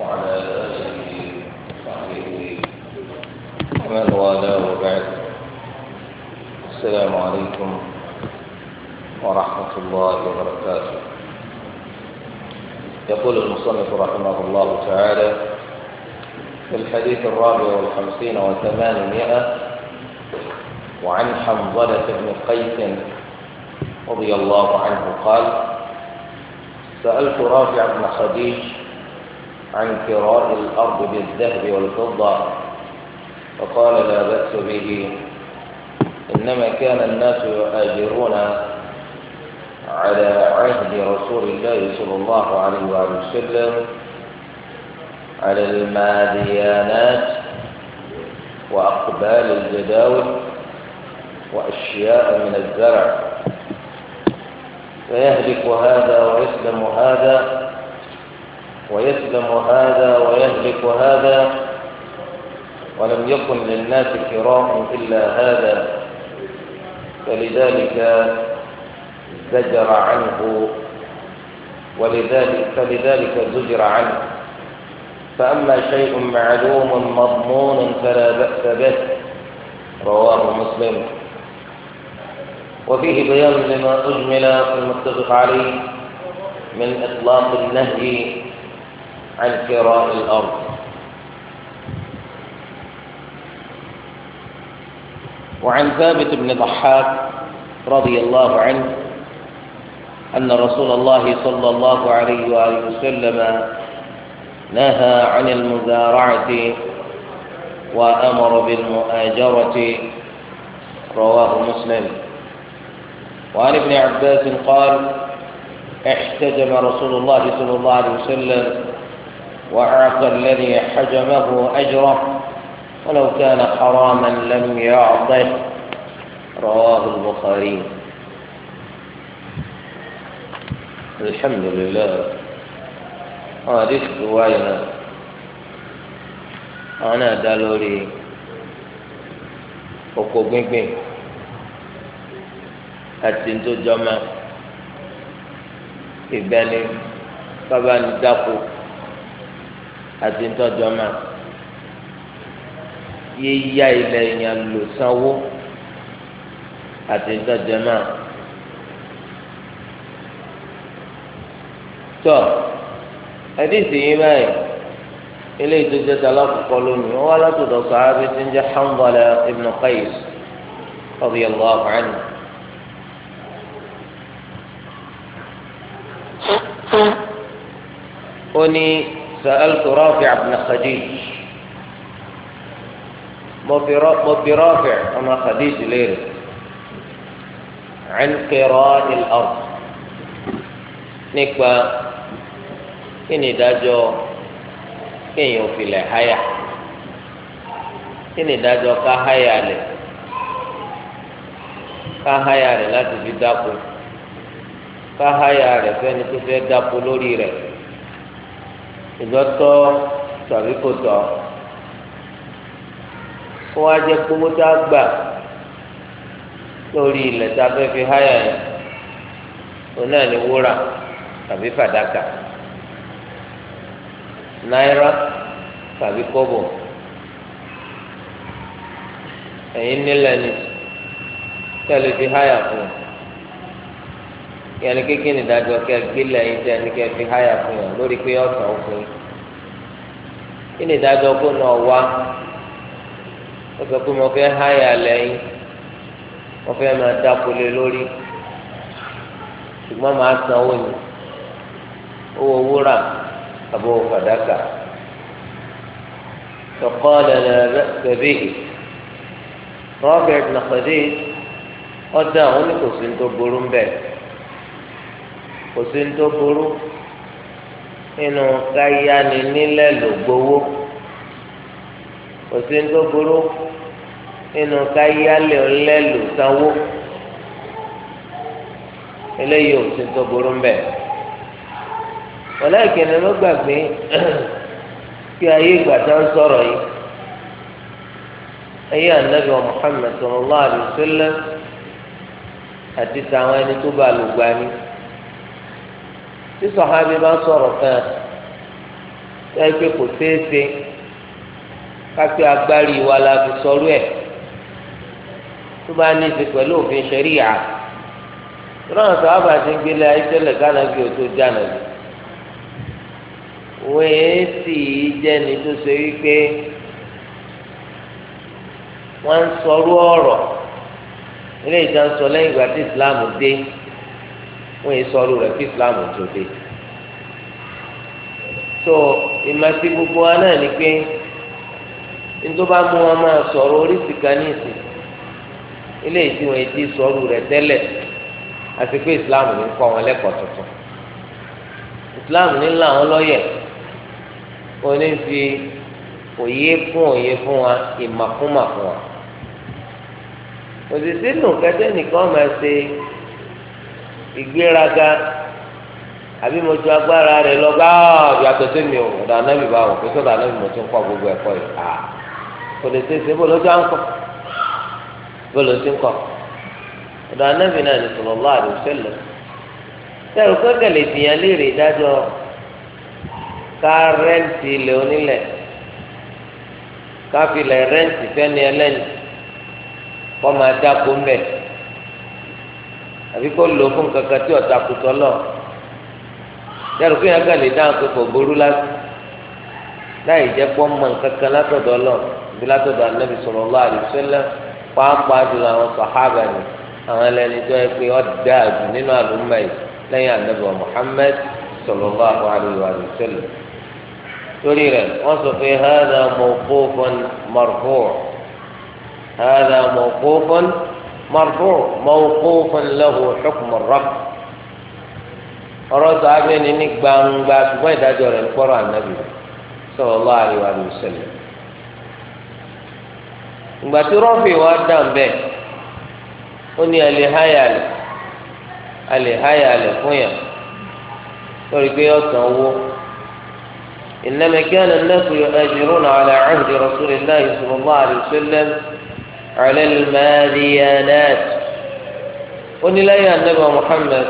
وعلى آله وصحبه ومن وبعد السلام عليكم ورحمة الله وبركاته يقول المصنف رحمه الله تعالى في الحديث الرابع والخمسين وثمانمائة وعن حنظلة بن قيس رضي الله عنه قال سألت رافع بن خديج عن كراء الأرض بالذهب والفضة فقال لا بأس به إنما كان الناس يؤاجرون على عهد رسول الله صلى الله عليه وآله وسلم على الماديانات وأقبال الجداول وأشياء من الزرع فيهلك هذا ويسلم هذا ويسلم هذا ويهلك هذا ولم يكن للناس كرام إلا هذا فلذلك زجر عنه ولذلك فلذلك زجر عنه فأما شيء معلوم مضمون فلا بأس به رواه مسلم وفيه بيان لما أجمل في المتفق عليه من إطلاق النهي عن كراء الأرض وعن ثابت بن ضحاك رضي الله عنه أن رسول الله صلى الله عليه وآله وسلم نهى عن المزارعة وأمر بالمؤاجرة رواه مسلم وعن ابن عباس قال احتجم رسول الله صلى الله عليه وسلم وأعطى الذي حجمه أجره ولو كان حراما لم يعطه رواه البخاري الحمد لله آه، هذه رواية أنا دالوري أكو àti ntòjọmọ ìgbẹni kábàánì dáko àti ntòjọmọ yíyá ilẹ̀ yẹn lò sanwó àti ntòjọmọ tọ ẹdíìsì yìí báyìí ilé ìtòjọ tala kọkọ lónìí wọn wá látòdọ sọ arábí tí ń jẹ Hanzala ibn Qais radiyallahu anhu. oni sa'altu Rafi' ibn Khadij mo bi Rafi' ọmọ Khadij léèrè an qira'i al-ard nípa kí ni ìdájọ́ kéèyàn ò filẹ̀ háyà kí ni ìdájọ́ ká háyà lẹ̀ ká háyà rẹ̀ láti fi dáko ká háyà rẹ̀ fẹ́ni tó fẹ́ dáko lórí rẹ̀ ìgbọ́tọ́ tàbí kò tọ́ kó wá jẹ́ kówó tá a gbà lórí ilẹ̀ tá a fẹ́ fi háyà yẹn òun náà ní wúrà tàbí fàdákà náírà tàbí kọ́bọ̀ ẹ̀yin nílẹ̀ ni tẹ́lẹ̀ fi háyà fún un yẹn kékeré ní ìdájọ́ kí ẹ gbé lẹ́yìn tí ẹni kí ẹ fi háyà fún yàn lórí pé ọ̀sán òfin kí ni ìdájọ́ kó nà wá ó sọ pé mo fẹ́ háyà lẹ́yìn mo fẹ́ máa dáko lé lórí ṣùgbọ́n màá sanwó ni owó wúrà àbò fàdákà tọkọ lẹ́nu bẹ̀bí rọ́bẹ̀t nàkàdé ọ̀dà òun ni kò tó burú ń bẹ̀rẹ̀ kò sí ní tó burú nínú káyáni nílẹ̀ ló gbowó kò sí ní tó burú nínú káyálẹ̀ ọ̀lẹ́ ló sanwó eléyìí ò sí ní tó burú ń bẹ̀. wọlé ìkíni ló gbàgbé kí ayé ìgbà tá ń sọ̀rọ̀ yìí ayé ànábì wa Muhammad sallallahu alaihi àti tàwọn ẹni tó bá lùgbà ni tí sọ̀hábí bá sọ̀rọ̀ kan ẹ pé kò ṣeé ṣe kápẹ́ agbárí wa la fi sọ̀rọ̀ ẹ̀ tó bá ní ti pẹ̀lú òfin ṣẹ̀ríyà ìrọ̀rùn sọ̀hábà ti ń gbélé ayé tẹ́lẹ̀ gánà bí o tó jáná lò wọ́n yẹn sì jẹ́ni tó ṣe wípé wọ́n ń sọ̀rọ̀ ọ̀rọ̀ ilé ìjà ń sọ lẹ́yìn ìgbà tí Islam dé wọn yìí sọ ọrú rẹ kí islam tó so ìmọ̀sí gbogbo wa náà ni pé nítorí bá mú wọn máa sọ̀rọ̀ oríṣi kan ní ìsìn ilé ìsì wọn ti sọ̀rọ̀ rẹ tẹ́lẹ̀ àti pé islam ní kọ́ wọn lẹ́kọ̀ọ́ tuntun islam ní làwọn lọ́yẹ̀ oní fi òye fún òye fún wa ìmàkúmà fún wa òsì sínú kẹtẹ nìkan máa ṣe ìgbéraga àbí mo ju agbára rẹ lọ bá yàtọ̀ sí mi ò ọ̀dà anábì bá wọn kó sọ̀dọ̀ anábì mo ti ń kọ́ gbogbo ẹ̀kọ́ yìí à kò lè tẹ̀sẹ̀ bó ló ti ń kọ́ bó ló ti ń kọ́ ọ̀dọ̀ anábì náà ní sallallahu alaihi wasallam tẹ̀rù kọ́kẹ́lẹ̀ ìdìyàn léèrè ìdájọ́ ká rẹ́ǹtì ilẹ̀ onílẹ̀ ká rẹ́ǹtì fẹ́ni ẹlẹ́ni kọ́ máa dáko mbẹ́ àbí kó lò fún kankan tí ọ̀tá kutọ lọ yàrá kó yẹn kàn lè dáhùn pé kò burú láti láì jẹ́ pọ́ mọ kankan látọ̀dọ̀ lọ àbí látọ̀dọ̀ anábì sallallahu alaihi wasallam pàápàá jùlọ àwọn sàhábà ni àwọn ẹlẹ́ni tó yẹ pé ọ̀dà àjù nínú àlùmọ́ yìí lẹ́yìn anábì Muhammad sallallahu alaihi wasallam torí rẹ̀ wọ́n sọ pé hàdà mawqufun marfu' hàdà مرفوع موقوف له حكم الرب ọ̀rọ̀ sàábẹ ni ní gbangba ṣùgbọ́n ìdájọ́ rẹ̀ ń kọrọ ànábì sallallahu alaihi wa sallam ìgbà tí rọfì wa dà ń bẹ ó ní àlèháyàlè àlèháyàlè fún yà lórí pé ọ̀sán owó ìnámẹkẹ́ àná náà kúrò ẹ̀jẹ̀ rúnà àlẹ́ àhùdì rasulillahi sallallahu alaihi wa sallam. على الماديانات ونلاقي النبي محمد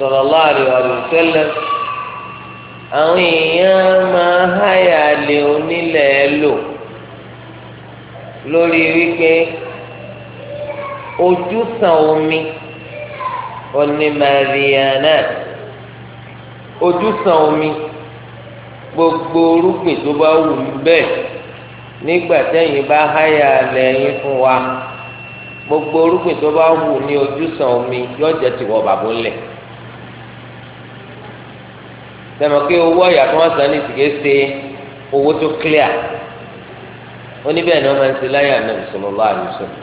صلى الله عليه وسلم àwọn èèyàn máa háyà lé onílẹ̀ lò lórí wípé ojúsàn omi onímàríyànà ojúsàn omi gbogbo orúgbìn tó bá wù ú bẹ́ẹ̀ nígbà tẹ́yìn bá háyà lẹ́yìn fún wa gbogbo orúgbìn tó bá wù ní ojúsàn omi yóò jẹ́ tìwọ́ bàbá ńlẹ̀ sẹ́mi pé owó ọ̀yà tó wọ́n san ní ìsìkè ṣe owó tó clear oníbẹ̀ máa ń ṣe láyà náà sallallahu alaihi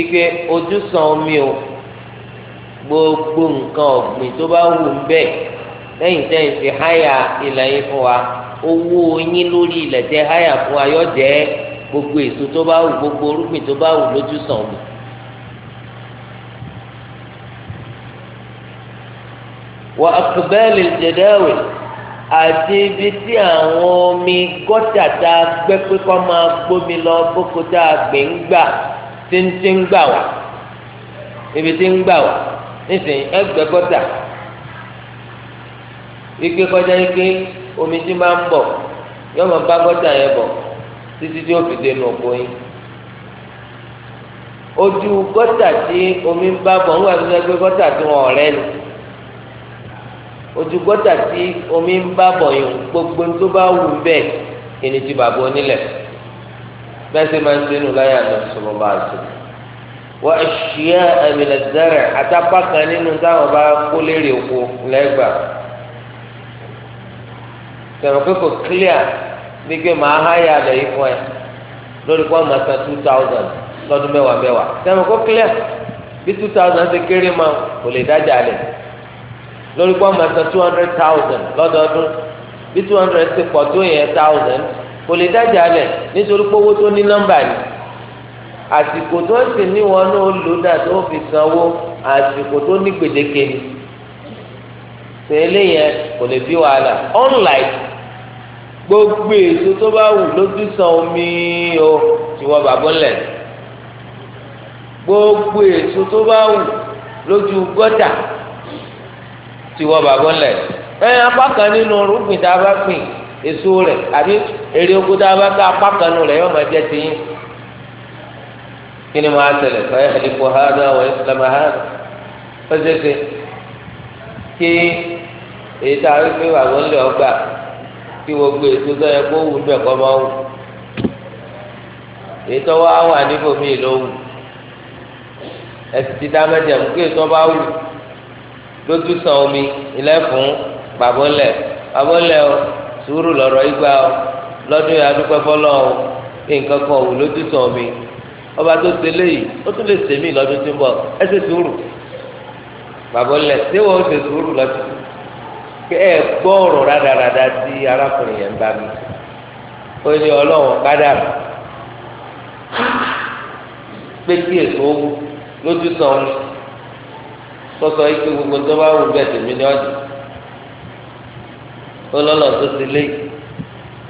ike ojúsàn omi o gbogbo nǹkan ọ̀gbìn tó bá wù ń bẹ̀ lẹ́yìn tẹ́yìn ti háyà ilẹ̀ fún wa owó yín lórí ilẹ̀ tẹ háyà fún ayọ́ jẹ́ gbogbo èso tó bá wù gbogbo orúgbìn tó bá wù lójú sàn mi. wà á kọ̀bẹ́ẹ̀lì jẹ̀dáwì àti ibi tí àwọn omi gọ́tà tá a gbẹ́ pé kọ́ máa gbómi lọ bóko tá a gbé ń gbà tí ń ti ń gbà wá ibi tí ń gbà wá nísìnyí ẹgbẹ́ gọ́tà ike kọjá ike omi tí máa ń bọ̀ yóò máa bá gọ́tà yẹn bọ̀ títí tí ó fi dé inú oko yín ojú gọ́tà tí omi ń bá bọ̀ ńgbà tó ṣe pé gọ́tà tí wọn ọ̀rẹ́ ni ojú gọ́tà tí omi ń bá bọ̀ yìí gbogbo tó bá wù bẹ́ẹ̀ ẹni tí bàbá onílẹ̀ bẹ́ẹ̀ sì máa ń dénú láyà lọ sọ̀rọ̀ bá a sọ wọ́n ṣíà ẹ̀mí lẹ́sẹ̀rẹ̀ àtàpá kan nínú táwọn bá kó lérè oko lẹ́gbàá tẹ̀wọ́ pé kò clear bí pé màá háyà lẹ̀ yìí fún ẹ lórí kó ọmọ san two thousand lọ́dún mẹ́wàá mẹ́wàá tẹ̀wọ́ clear bí two thousand ṣe kéré ma kò lè dájà lẹ̀ lórí kó ọmọ san two hundred thousand lọ́dọọdún bí two hundred ṣe pọ̀ tó yẹn thousand kò lè dájà lẹ̀ nítorí pé tó ní nọ́mbà ni àsìkò tó ń sìn ní wọn náà lò dà tó fi sanwó àsìkò tó ní gbèdéke ni tẹ́lẹ̀ yẹn kò lè bí wàhálà unlike gbogbo èso tó bá wù ló ti sàn omi o tí wọ́n bàbá ńlẹ̀ gbogbo èso tó bá wù lójú gọ́dà tí wọ́n bàbá ńlẹ̀ ẹ apá kan nínú rúgbìn tá a bá gbìn èso rẹ̀ àbí èrè oko tá a bá ká apá kan nù rẹ̀ yóò máa jẹ́ tiyín kí ni máa tẹ̀lé fẹ́ ẹ̀dínkù hádà wọ́n ìsìlámù hádà ó kí èyí tá a rí pé bàbá ńlẹ̀ ọgbà kí gbogbo ètò tó yẹ kó wù bẹ́ẹ̀ kọ́ máa wù ètò wa wà níbòmí ló wù ẹsì ti dá mẹ́jẹ̀ mú kí ètò bá wù lójú sàn omi ilẹ̀ fún pàbọ́lẹ̀ o sùúrù lọ́rọ̀ igba o lọ́dún yà dúpẹ́ fọlọ́ o bí nǹkan kan wù lójú sàn omi ọba tó ṣe léyìí ó tún lè ṣèmí lọ́dún tí ń bọ̀ ẹ sùúrù pàbọ́lẹ̀ ṣé wọ́n ṣe sùúrù lọ́dún tí ń bọ̀ kẹ ẹ gbọ́ ọ̀rọ̀ rádaràda tí arákùnrin yẹn ń bá mi ó ní ọlọ́run kádàrà pé kí èso wù lójú sàn wọn sọsọ ike gbogbo tó bá wù bẹ́ẹ̀ tèmi ní ọdún ó lọlọ tó ti lé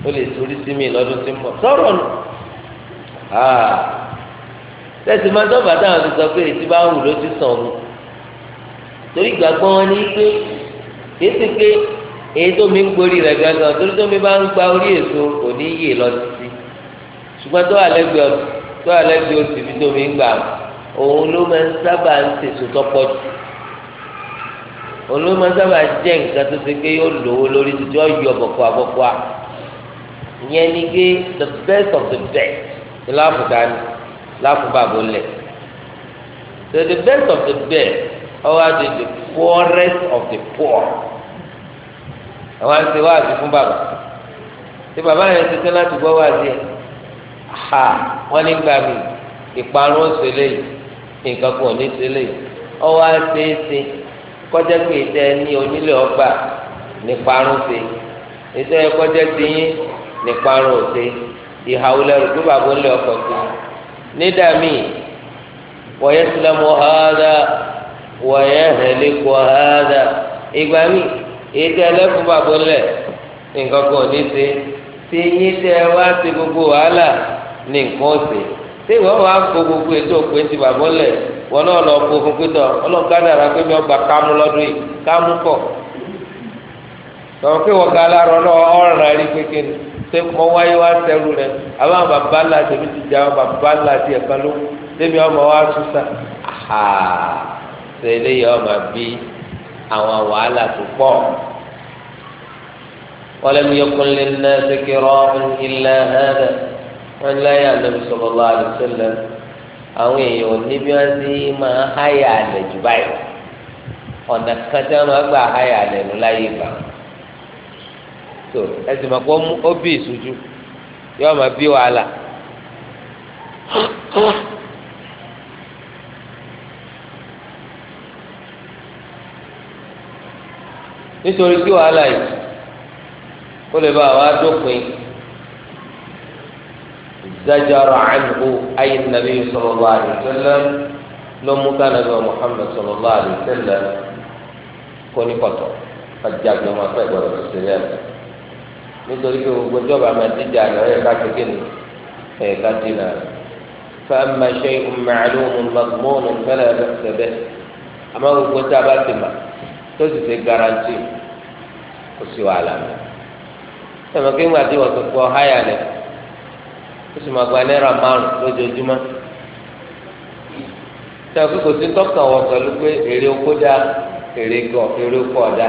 ó lè torí sí mi lọ́dún tí ń bọ̀ sọ̀rọ̀ nù ah. tẹsí máa dọ́gba táwọn ti sọ pé èsì bá wù lójú sàn wọn torí ìgbàgbọ́ wọn ní pé kìí ṣe pé èyí tó mi ń gborí rẹ̀ gángan torí tó mi bá ń gba orí èso kò ní yè lọ títí ṣùgbọ́n tó àlẹ́gbẹ̀ tó àlẹ́gbẹ̀ oṣù tí tó mi ń gbà òun ló máa ń sábà ń tèso tọ́pọ̀ jù òun ló máa ń sábà jẹ́ nǹkan tó ṣe pé yóò lówó lórí títí ó yọ bọ̀kọ̀ àbọ̀kọ̀ à ìyẹn ni pé the best of the best ni láàfù dání láàfù bàbá lẹ̀ so the best of the best ọwọ́ àti the poorest of the poor àwọn àti wá àti fún bàbá tí bàbá yẹn ti tán láti gbọ́ wá sí ẹ ha wọ́n nígbà mi ìparun ṣe léyìí nǹkan kan ò ní ṣe léyìí ọwọ́ àti ṣe kọjá pé ìtẹ́ ní onílé ọgbà níparun ṣe ìtẹ́ kọjá ti yín níparun ṣe ìhàwó lẹ́rù tó bàbá ń lé ọkọ̀ sí nídàá mi wọ́n yẹ sílẹ̀ mọ́ ọ́ dáa. wọ̀nyẹ́ hẹ̀lẹ́ kọ́ hádà ìgbà mi ètò ẹlẹ́kùn bàbá lẹ̀ nǹkan kan ní ṣe tí yín tẹ wá ṣe gbogbo wàhálà ní nǹkan ọ̀sẹ̀ tí ìwọ́n wàá kó gbogbo ètò ti bàbá lẹ̀ náà lọ kó fún pé mi ọgbà kámú lọ́dún yìí kámú pé wọ́n ga alárọ̀ náà rí wáyé wá sẹ́rù rẹ̀ àwọn bàbá ńlá ti àwọn bàbá ńlá ló ọmọ ṣe eléyìí ọmọ bí àwọn wàhálà tó pọ̀ wọlé mi yọkùn lé ní ṣèkìrọ ilẹ̀ ẹ̀rẹ̀ wọn lẹ́yìn àlẹ́bí sọ̀rọ̀ lọ́wọ́ àlùsọ̀lẹ̀ àwọn èèyàn níbi wọn sì máa háyà àlẹ́ jù báyìí ọ̀nà kan máa gbà háyà àlẹ́ ló láyé gbà tó ẹsìn máa kó ó bí ìṣújú yọ ọmọ bí wàhálà. nítorí kí wàhálà yìí kó lè bá wa dópin zajara anhu ayé nàbí sallallahu alaihi wasallam ló mú ká nàbí Muhammad sallallahu alaihi wasallam kó ní kọtọ fàjàgbé ọmọ afẹ gbọ́dọ̀ tó ṣe yẹ nítorí pé gbogbo ìjọba máa dídà ní ọyẹ ká kékeré ẹyẹ ká dínà rẹ. فأما شيء معلوم مضمون فلا بأس به أما هو كتابات ما tó sì ṣe garanti kò sí wàhálà mi sọmọ kí ńgbà tí wọ́n sọ pé ọ̀háyà lẹ̀ ó sì máa gba náírà márùn lójoojúmọ́ sọ pé kò sí tọkàn wọ pẹ̀lú pé èrè oko dá èrè gọ èrè oko ọ̀dá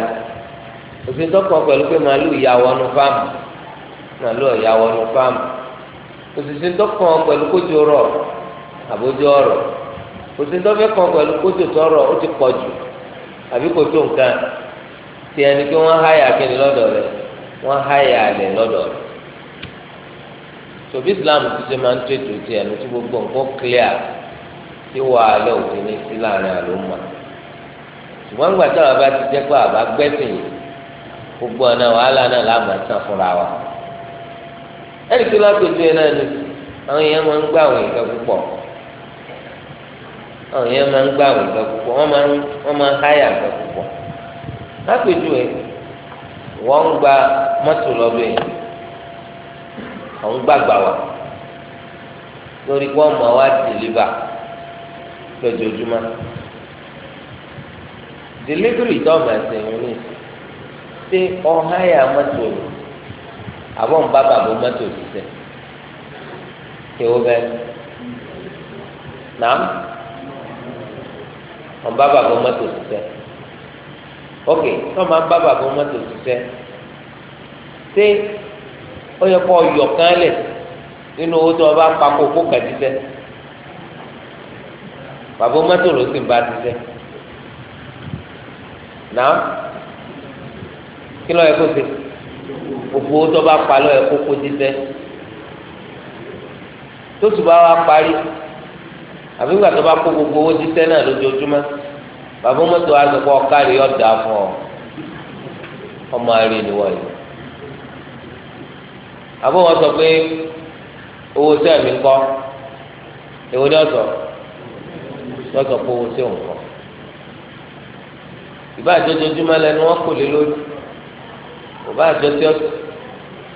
kò sí tọkàn pẹ̀lú pé màálù ìyàwó ọ̀nù fáàmù màálù ìyàwó ọ̀nù fáàmù kò sì sí tọkàn pẹ̀lú kójú rọ̀ àbójú ọ̀rọ̀ kò sí tọkàn pẹ̀lú kójú ó ti pọ̀ jù. àbí kò tó nǹkan ti ẹni pé wọ́n háyà kíni lọ́dọ̀ rẹ̀ wọ́n háyà rẹ̀ lọ́dọ̀ rẹ̀ tòbí islam ti ṣe máa ń tó tiẹ̀ ní tí gbogbo nǹkan clear tí alẹ́ òfin ní sí láàrin àlòmà ṣùgbọ́n tí àwọn bá ti jẹ́ pé àbá gbẹ́sìn yìí gbogbo ọ̀nà wàhálà náà fúnra wa náà àwọn èèyàn máa ń gbà àwọn nǹkan ma wọ́n máa ń wọ́n máa ń háyà gba mọ́tò lọ́bẹ̀ àwọn gbàgbà wà lórí pé ọmọ wa dìlíbà lójoojúmọ́ dìlíbìrì tó ọmọ yìí ní ṣé ọ̀háyà mọ́tò ni àbọ̀ ń bá bàbá ṣiṣẹ́ wọn bá bàbá mọ́tò ṣiṣẹ́ ok wọn máa ń bá bàbá mọ́tò ṣiṣẹ́ ṣé ó yẹ kó yọ kán lẹ̀ nínú owó tó o bá pa kókó kà ṣiṣẹ́ bàbá mọ́tò ló sì ń bá ṣiṣẹ́ náà kí ló yẹ kó ṣe gbogbo owó tó o bá pa ló yẹ kókó ṣiṣẹ́ tó sì bá wa parí àbí gbàtọ́ bá kó gbogbo owó títẹ́ náà lójoojúmọ́ bàbá mọ́tò àgbẹ̀kọ́ kárí ọ̀dà fún ọ ọmọ àárẹ̀ ni wọ́n yìí àbọ̀ wọn sọ pé owó sẹ́ẹ̀ mi kọ́ èwo ni ọ̀sọ̀ lọ́sọ̀ pé owó sẹ́ẹ̀ ń kọ́ ìbá àjọjọjúmọ́ lẹ́nu wọn kò lé lórí kò bá àjọ tí ọ̀sọ̀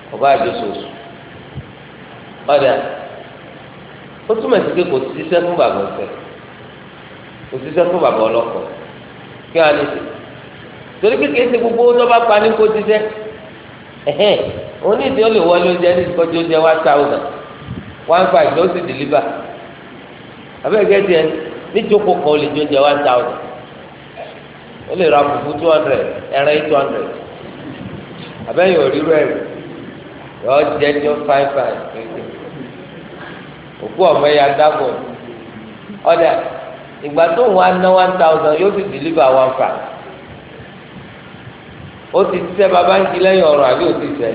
kò bá àjọ sòsù ọ̀dà ó túmọ̀ sí pé kò ṣiṣẹ́ fún bàbá ọ̀sẹ̀ kò ṣiṣẹ́ fún bàbá ọlọ́kọ̀ kí wọ́n á lè ṣe torí pé kìí ṣe gbogbo tó bá pa ní kó ṣiṣẹ́ ẹ̀hẹ́n onídìí ó lè wọlé oúnjẹ ní ìkọjú oúnjẹ one thousand one five ló sì deliver abẹ́gẹ́ tiẹ̀ níjókòó kan ó lè jẹ oúnjẹ one thousand ó lè ra fùfú two hundred ẹran eight hundred abẹ́yẹ̀ òrírò ẹ̀rù yọ jẹ́ jọ five five kékeré òkú ọ̀fẹ́ ya dábọ̀ ọ̀dà ìgbà tó ń wá ná one thousand yóò fi deliver one five ó ti sẹ bàbá ń di lẹ́yìn ọ̀rọ̀ àbí ó ti sẹ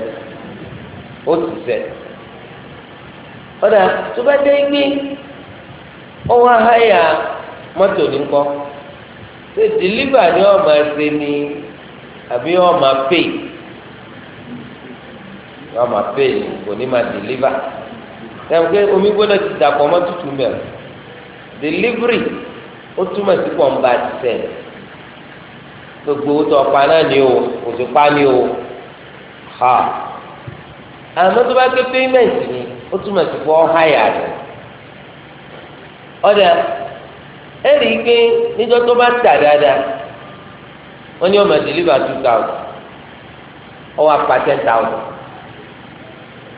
ó ti sẹ ọ̀dà tó bá dé gbé ó wá háyà mọ́tò ní kọ́ ṣe deliver ni ọ̀ máa ni àbí ọ̀ máa pay ọ̀ máa pay kò ní máa deliver ẹ̀wọ̀n pé omi gbọ́dọ̀ ti dàpọ̀ mọ́ tutù mẹ́ o delivery ó túmọ̀ sí pọ̀nba tẹ̀ gbogbo owó tó ọ̀pá náà ni o kò sí pa ni o ha àmọ́ tó bá pé payment ni ó túmọ̀ sí pọ̀ háyà rẹ̀ ọ̀dà ẹ̀rí pé níjọ́ tó bá tà dáadáa wọ́n ní ọmọ deliver two thousand ọwọ́ apá ten thousand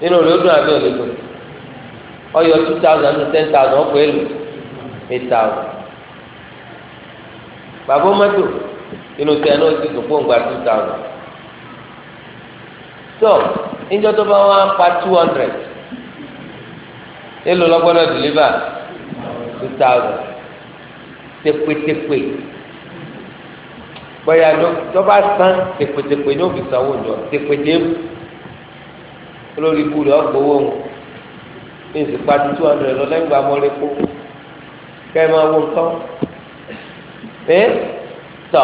nínú rẹ̀ ó dùn àbí òlòdùn ọyọ two thousand to ten thousand ọkọ èlò eight thousand bàbá mọ́tò inú tẹ̀ náà ti dùn kó ń gba two thousand so níjọ́ tó bá wá pa two hundred èlò lọ́gbọ́dọ̀ deliver two thousand tẹpẹtẹpẹ bóyá tó bá san tẹpẹtẹpẹ ní òfìsàn wò jọ tẹpẹtẹ olórí ikú rẹ ọgbọ owó wọn èsì pàdé two hundred lọ lẹ́yìn gbàmọ́ lè kó kẹ́ ẹ máa wo nǹkan ẹ tọ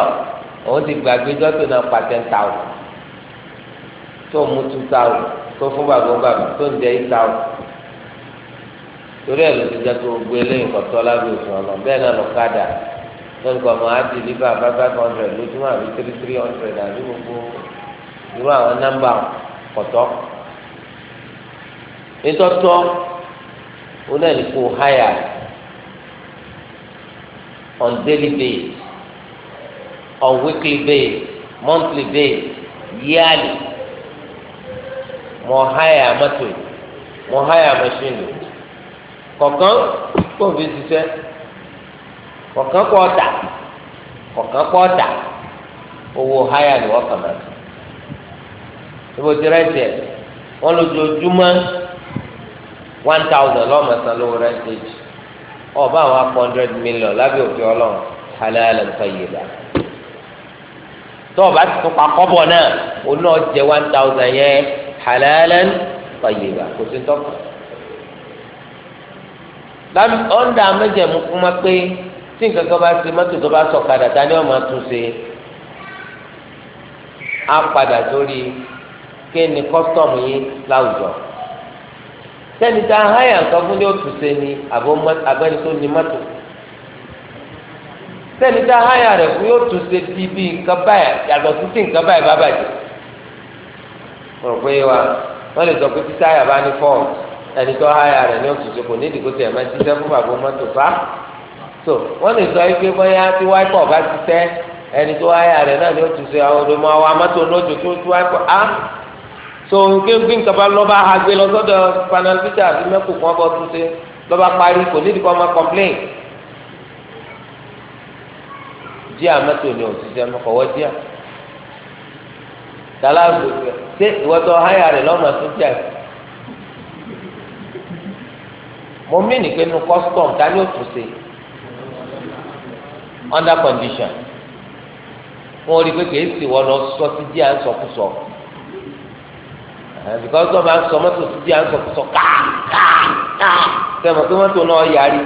òun ti gbàgbé jọ́tò náà pa ten thousand tó mú two thousand tó fún bàbá bàbá tó ń jẹ eight thousand torí ẹ̀ ló ti jẹ́ kó gbé lẹ́yìn kọ̀tọ́ lábẹ́ òfin ọ̀nà bẹ́ẹ̀ náà lọ kádà lórí kan mọ̀ á ti ní bàbá five hundred lójúmọ́ àbí three three hundred àbí gbogbo irú àwọn nọ́mbà kọ̀tọ́ nítọ́tọ́ ó náà ní kó háyà on daily base, on weekly base, monthly base, yearly mo háyà mọ́tò mo háyà machine. kọ̀ọ̀kan kò fi ṣiṣẹ́ kọ̀ọ̀kan kò ọ̀dà kọ̀ọ̀kan kò ọ̀dà owó háyà ni wọ́n kàn máa tó. ibo ti rẹ̀ tẹ̀ wọ́n lójoojúmọ́ one thousand lọ́mọ san lówó rentage ọba àwọn akọ hundred million lábẹ́ òfin ọlọ́run halalan tayyiba tọ́ọ̀bù àti tọ́pa kọ́bọ̀ náà ó náà jẹ one thousand yẹn halalan tayyiba kò sí tọ́kọ̀ ọ̀ndà méjèèmú kúmá pé tí nǹkan kan bá ṣe mọ́tò tó bá sọ̀kadà ta ni wọ́n máa tún ṣe á padà sórí kí ni kọ́sítọ́ọ̀mù yín láwùjọ. sẹ́ni tá a háyà nǹkan fún ní ni àbẹ́ni tó ní mọ́tò sẹ́ni tá a háyà rẹ̀ fún yóò túnṣe ti bí nǹkan báyìí yàtọ̀ sí ti nǹkan báyìí bá bàjẹ́ pé wa wọ́n lè sọ pé títí àyà bá ní ẹni tó háyà rẹ̀ ní kò ní ìdìbò tẹ̀ fún bàbá mọ́tò fa so wọ́n lè sọ pé bóyá tí wáìpọ̀ bá ẹni tó háyà rẹ̀ náà ní àwọn So, nkéńké nkaba lọ́ba àgbẹ̀ lọ́sọ́dọ̀ panalpita àbí mẹ́kù kan bọ́ tún ṣe lọ́ba parí kò nídìí kọ́ ọmọ kọ́mplain díà mẹ́tò ni òṣìṣẹ́ mọ́kọ̀wọ́ díà dàlá ṣe ìwọ́tọ̀ háyà rẹ̀ lọ́nà tó díà mo mí nìkan nu custom tani ó ṣe under condition wọn rí i pé kèé sì wọ́n lọ sọ sí díà ń sọkúsọ. So bìkọ́ tó bá ń sọ mọ́tò sí bí à ń sọ sọ káà káà káà sẹ́wọ̀n pé mọ́tò náà yarí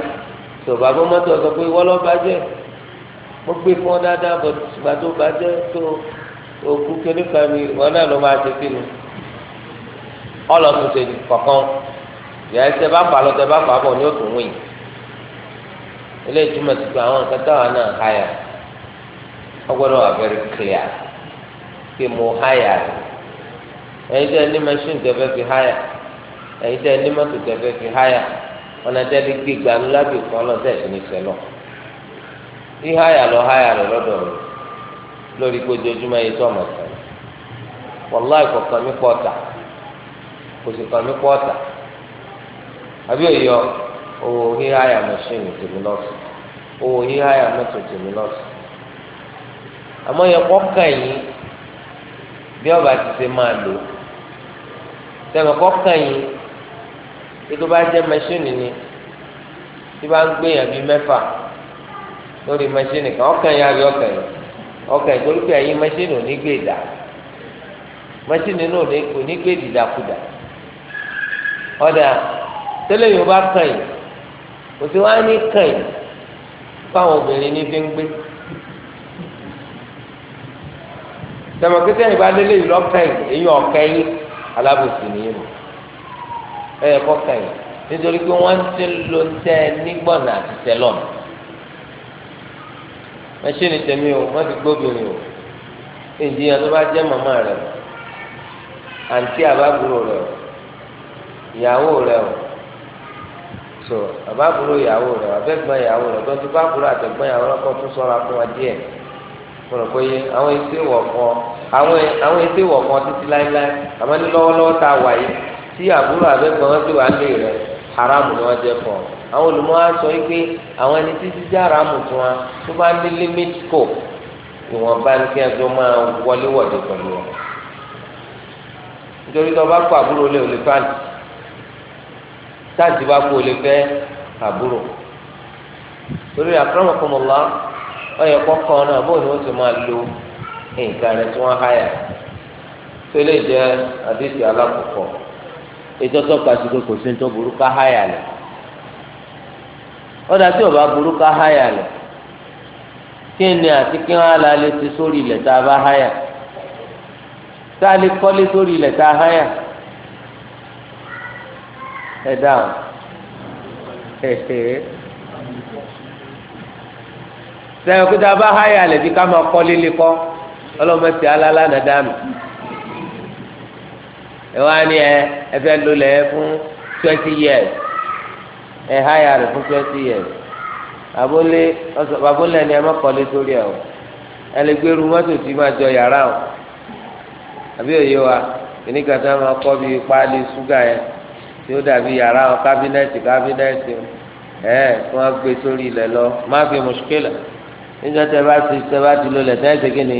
tó bàbá mọ́tò sọ pé wọ́n lọ́ọ́ bàjẹ́ mo gbé fún ọ dáadáa bọ̀ ìgbà tó bàjẹ́ tó òkú kẹ́lẹ́kà mi wọn náà ló máa ṣe kí ni ọlọ́túnṣe kọ̀ọ̀kan yẹ́n tẹ́ bá fà lọ bá fà bọ̀ ní òtún wìn ilé ìtumọ̀ ti pé àwọn nǹkan táwọn náà háyà ọgbọ́dọ̀ wà very clear pé mo ẹ̀yin tẹ́ ní machine tẹ́fẹ́ fi háyà ẹ̀yin tẹ́ ní mọ́tò tẹ́fẹ́ fi haya ọ̀nà tẹ́lẹ̀ gbé gbanú lábẹ́ kan lọ́sẹ̀ sí ní sẹ́lọ̀ lọ haya lọ lọ́dọ̀ rẹ̀ lórí kojoojúmọ́ yìí tó ọmọ sàn wàláì kọ̀ọ̀kan mi pọ̀ ọ̀tà kò sì kàn mí ọ̀tà àbí òye machine tèmi lọ́sì mọ́tò tèmi lọ́sì àmọ́ yẹ kọ́ kàn yín bí sẹ́mi kọ́kàn yìí bí tó bá jẹ́ mẹ́ṣíìnì ni tí bá ń gbéyàn bíi mẹ́fà lórí mẹ́ṣíìnì kan ọkàn yìí àbí ọkàn yìí ọkàn yìí torí pé ẹ̀yin mẹ́ṣíìnì ò ní gbé ìdá e mẹ́ṣíìnì náà ò ní gbé ìdìdàkudà e ọ̀dà tẹ́lẹ̀ yóò bá kàn yìí kò sí wàá ní kàn yìí fáwọn obìnrin ní fi ń gbé tẹmọkítẹ́ ìbádélé yìí lọ́kàn yìí èyí ọ̀kẹ́ alábòsí nìyí nù ẹ yẹ kọ́ kẹ́yìn nítorí pé wọ́n ti ń lo tẹ́ nígbọ̀nà àti tẹ́lọ̀nù mẹ́ṣíìnì tẹ̀mí o wọ́n ti gbóbìnrin o ènìyàn tó bá jẹ́ màmá rẹ̀ àǹtí àbábúrò rẹ̀ ìyàwó rẹ̀ o so àbábúrò ìyàwó rẹ̀ abẹ́gbọ́n ìyàwó rẹ̀ tọ́jú bábúrò àtẹ̀gbọ́n ìyàwó rẹ̀ kọ́ tún sọ́ra fún wa díẹ̀ mo rò pé àwọn iṣẹ́ wọ̀ fún àwọn e, àwọn ètò e ìwọ̀ kan títí láéláé àmọ́ ní lọ́wọ́lọ́wọ́ tá a wà yìí tí àbúrò àbẹ́gbọ́n wọn ti wà lé haramu ni wọ́n jẹ́ àwọn olùmọ̀ sọ pé àwọn ẹni títí jẹ́ haramu tí wọn tó bá ní limit scope ìwọ̀nba ní kí máa wọlé wọ̀dé pẹ̀lú nítorí tó bá kó àbúrò lé olè fáàlì bá kó olè lo nǹkan rẹ̀ tí wọ́n háyà tó lè jẹ́ àdéhùn alákọ̀ọ́kọ́ ètò tọ́ka kò sí ní tó burú ká ọ̀dà tí ọba kí ni àti kí la lè ti sórí ilẹ̀ tá a bá háyà tá a lè kọ́lé sórí ilẹ̀ tá a háyà ẹ dáhùn kí tá ọlọ́mọ ti Alala, náà dànù ẹ wá ní ẹ ẹ fẹ́ fún twenty years ẹ háyà rẹ̀ fún twenty years àbólé àbólé ni ẹ má kọ́lé sórí ẹ o ẹ lè gbé irú mọ́tò tí máa jọ yàrá o àbí òye wa ìníkà tí wọ́n máa kọ́ bíi páálí ṣúgà yẹn tí ó dàbí yàrá o kábínẹ́ẹ̀tì kábínẹ́ẹ̀tì o ẹ kí wọn gbé sórí ilẹ̀ lọ má fi mùsùkìlà nígbà tẹ bá ti tẹ bá ti lọ lẹ ẹ ṣe kí ni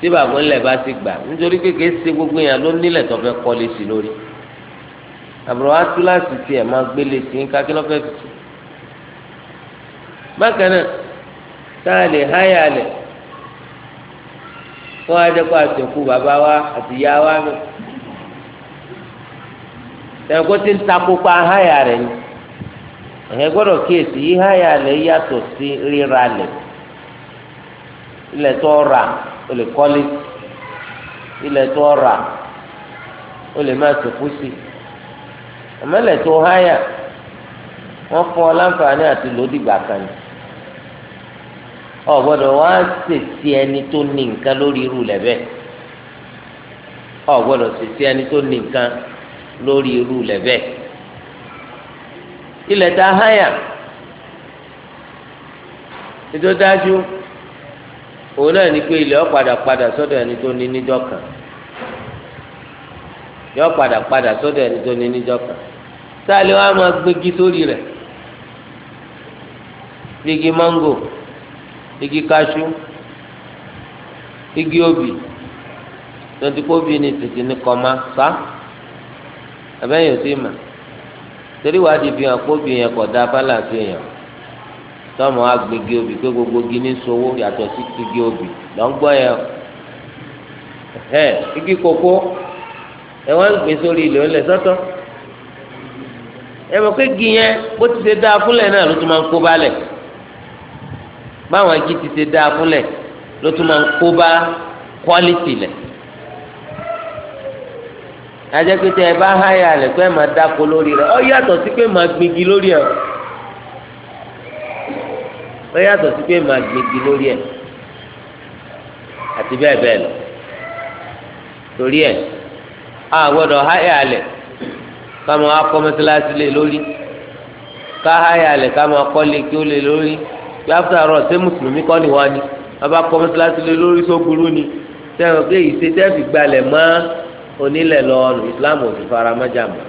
tí bàbá ńlẹ̀ bá ti gbà nítorí ṣe gbogbo yẹn ló nílẹ̀ tó fẹ́ kọ́lé sí lórí àbúrò wa tú láti tiẹ̀ máa gbélé tí kákí lọ́fẹ́ tutù bákan náà tá a lè háyà lẹ̀ kó bàbá wa ti ń pa háyà rẹ̀ ni gbọ́dọ̀ kíyèsí yí háyà lẹ̀ yàtọ̀ sí o lè kọ́lé ilẹ̀ tó rà o lè má sòkú sí àmọ́lẹ̀ tó háyà wọ́n fún ọ láǹfààní àti lòdìgbà kan ní ọ gbọ́dọ̀ wá sèse ẹni tó ní nǹkan lórí irú rẹ̀ bẹ́ẹ̀ ọ gbọ́dọ̀ sèse ẹni tó ní nǹkan lórí irú rẹ̀ bẹ́ẹ̀ ilẹ̀ tá háyà ètò dájú òun náà ní pé ilẹ̀ ọ̀padà padà sọ́dọ̀ ẹni tó ní níjọ́ kan yọ padà padà sọ́dọ̀ ẹni tó ní níjọ́ kan sáàlì wa máa gbégi sórí rẹ̀ igi mango igi kaṣú igi obì tontikó bi ni tètè ní kọ́má sá abẹ́yẹ̀sí mà torí wàá di fi hàn kó obì yẹn kọ̀ dá balance yẹn o. sọmọ agbègbè obì pé gbogbo gíní sowó ya sí igi obì lọ́ ń gbọ́ yẹn ẹ igi koko ẹ wọ́n gbé sórí ilẹ̀ ńlẹ̀ sọ́tọ̀ ẹ mọ̀ pé igi yẹn bó ti ṣe dáa fúnlẹ̀ náà ló tún máa ń kó báwọn igi ti ṣe dáa fúnlẹ̀ ló tún máa ń kó bá kwaliti lẹ̀ ajẹ́ lórí ọ yàtọ̀ lórí ó yàtọ̀ sí pé màá gbégi lórí ẹ̀ àti bẹ́ẹ̀ bẹ́ẹ̀ lọ torí ẹ̀ a gbọ́dọ̀ háyà alẹ̀ ká máa kọ́ mẹ́tíláṣí lé lórí ká háyà alẹ̀ ká máa kọ́ lé kí ó lé lórí bí after all ṣé mùsùlùmí kọ́ ni ni wọ́n bá kọ́ mẹ́tíláṣí lé lórí tó burú ni sẹ́wọ̀n pé ìṣe tẹ́fì gbalẹ̀ mọ́ onílẹ̀ lọ́ọ̀nù Islam ò fi fara mọ́ jàmbá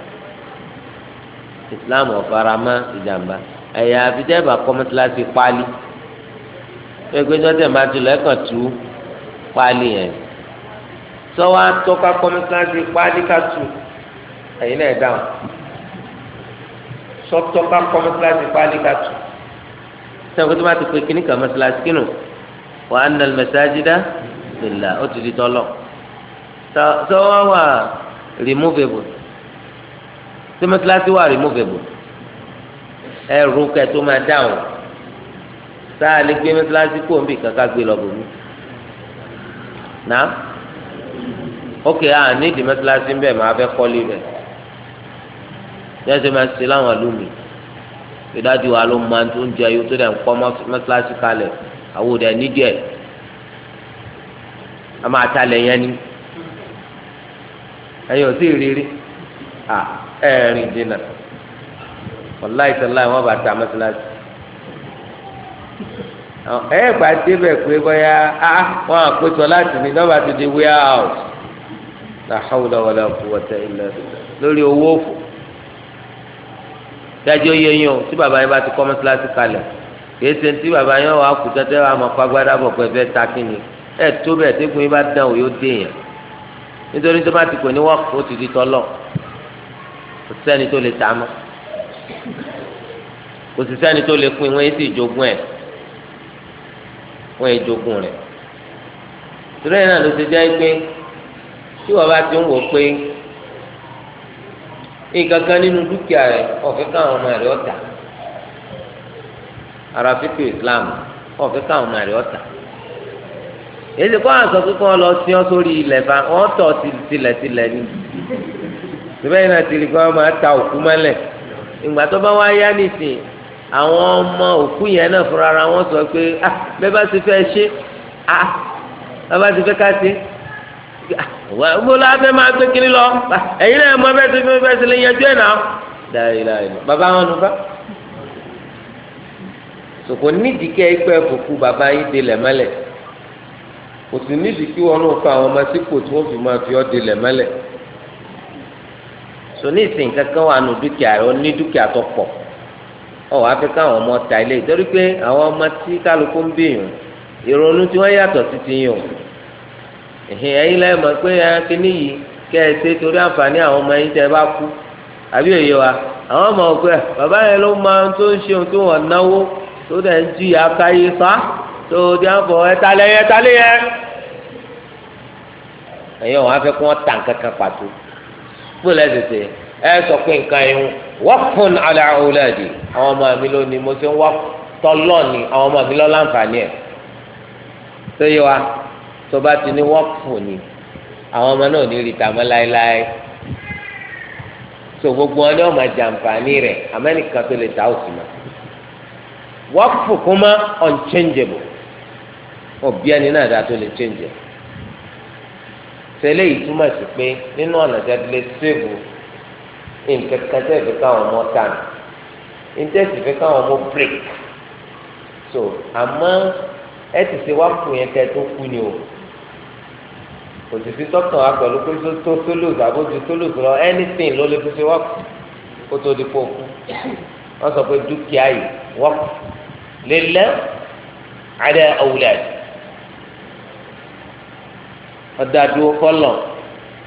Islam ò fara mọ́ ìjàmbá ẹ̀yà àfijẹ́bà kọ́mọ́tìláṣí pálí pẹ̀gbẹ́ sọ́tẹ̀ máa tu lẹ́kàn tú pálí yẹn sọ́wọ́ atọ́ka kọ́mọ́tìláṣí pálí ká tu ẹ̀yin náà dáhùn sọ́tọ́ka kọ́mọ́tìláṣí pálí ká tu sọ́wọ́ tó bá ti pè kíní kọ́mọ́tìláṣí kínú wà á nà mẹ́sáájídá lèlà ó ti di tọ́lọ̀ sọ́wọ́ wà removable sọ́mọ́tìláṣí wà removable ẹrù kẹ tó máa dáhùn sáà lè gbé mẹsàlásì kó ń bì kankan gbé lọ bòmí nà ókè à nídìí mẹsàlásì bẹ́ẹ̀ máa fẹ́ kọ́lé bẹ́ẹ̀ yẹn ṣe máa ṣe láwọn lómi ìdájú wa ló máa tó ń jẹ yóò tó dẹ̀ ń kọ́ mẹsàlásì kalẹ̀ àwọn òde nídìí ẹ̀ a máa talẹ̀ yẹn ni ẹ̀yin ò sí ìrírí à ẹ̀ẹ́rìn wàláì sàláì wọn bá ta mọ́sálásí ẹ bá débẹ̀ pé bóyá a ah, wọn àpèsọ láti ní lọ́ba tó di warehouse la hawla wala quwwata illa billah lórí owó òfò dájọ́ yẹyìn o tí bàbá yẹn bá ti kọ́ mọ́sálásí kalẹ̀ kìí ṣe tí bàbá yẹn wà á kú tẹ́tẹ́ wà á mọ̀ fagbádá bọ̀ pé fẹ́ ta kínni ẹ tó bẹ̀ tí kun yín bá dán o yóò dé yẹn nítorí tó bá ti pè ní wọ́ọ̀kì ó ti di tọ́lọ̀ kò sẹ́ni tó lè ta mọ́. kò sì sẹ́ni tó lè pín wọn èsì ìjogún ẹ̀ rẹ̀ tìrẹ́yìn náà ló ti jẹ́ pé tí wọ́n bá ti ń wò pé ìkankan nínú dúkìá rẹ̀ ọ̀fẹ́ káwọn ọmọ rẹ̀ ọ̀tà ara Islam ọ̀fẹ́ káwọn ọmọ rẹ̀ ọ̀tà èsì kọ́ àǹsọ̀ kíkọ́ lọ sí sórí ilẹ̀ bá wọ́n tọ̀ ni tìrẹ́yìn náà ti ìgbà tó bá wá yá nìsín àwọn ọmọ òkú yẹn náà fúnra ara wọn sọ pé ah bẹ́ẹ̀ bá ti fẹ́ ṣe ah bẹ́ẹ̀ bá ti fẹ́ ká ṣe wọ́n lọ abẹ́ máa gbé kiri lọ ah, ẹ̀yin náà mọ abẹ́ tó fi bẹ́ẹ̀ sílẹ̀ yẹjú ẹ̀ náà dáìlà ẹ̀ bàbá wọn nu bá sòkò nídìí kẹ́ ẹ pẹ́ fòkú bàbá yín delẹ̀ mẹ́lẹ̀ kò sì nídìí kí wọn náà fa àwọn ọmọ sípò tí wọ́n fi máa fi ọ́ delẹ̀ mẹ́lẹ̀ so ní ìsìn kankan wà nù dúkìá rẹ ó ní dúkìá tó pọ̀ ọ wàá fẹ́ káwọn ọmọ ta ilé torí pé àwọn ọmọ tí kálukú ń bìyàn ìrònú tí wọ́n yàtọ̀ sí ti yàn ẹ̀hìn ẹ̀yin lẹ́yìn mọ̀ pé ẹ̀ ah, kíní yìí kẹ́ ẹ ṣe torí àǹfààní àwọn ọmọ yín tẹ́ ẹ bá kú àbí òye wa àwọn ọmọ òkú ẹ̀ ah, bàbá yẹn ló máa ń tó ń ṣe ohun tó wọ́n náwó tó dẹ̀ ń jí akáyé sá tó dé àbọ̀ ẹ̀ta lẹ́yẹ ẹ̀ta lẹ́yẹ. ẹ̀yin ọ̀hún afẹ́ kí wọ́n pàtó gbọ́dọ̀ lẹ́sẹ̀ tẹ̀ ẹ sọ pé nǹkan yẹn waqfun ala auladi àwọn ọmọ mi lónìí mo ṣe ń wá tọ́lọ́ ni àwọn ọmọ mi lọ́la nfààní ẹ̀ tó yẹ wa tó bá ti ní waqfun ni àwọn ọmọ náà ní rí tàmọ́ láéláé so gbogbo wọn ni wọn máa jàǹfààní rẹ̀ amẹ́ríkà tó lè ta òsì mọ́ waqfu kuma unchangeable òbí ẹni náà dá tó lè change it sẹ́lẹ̀ yìí túmọ̀ sí pé nínú ọ̀nà jáde sèbù nǹkan kan tẹ́ fi káwọn ọmọ tà nǹkan tẹ́ fi káwọn ọmọ break so àmọ́ ẹ ti ṣe wá kù yẹn kẹ́ tó kú ni o kò sì fi tọ́kàn wá pẹ̀lú pé tó tólóòsì àbójú tólóòsì lọ anything ló lè fi ṣe wá kù kó tó di pọ̀ kú wọ́n sọ pé dúkìá yìí wọ́pù lè lẹ́ àdé àwùlẹ̀ àti ọ̀dà dúró fọlọ̀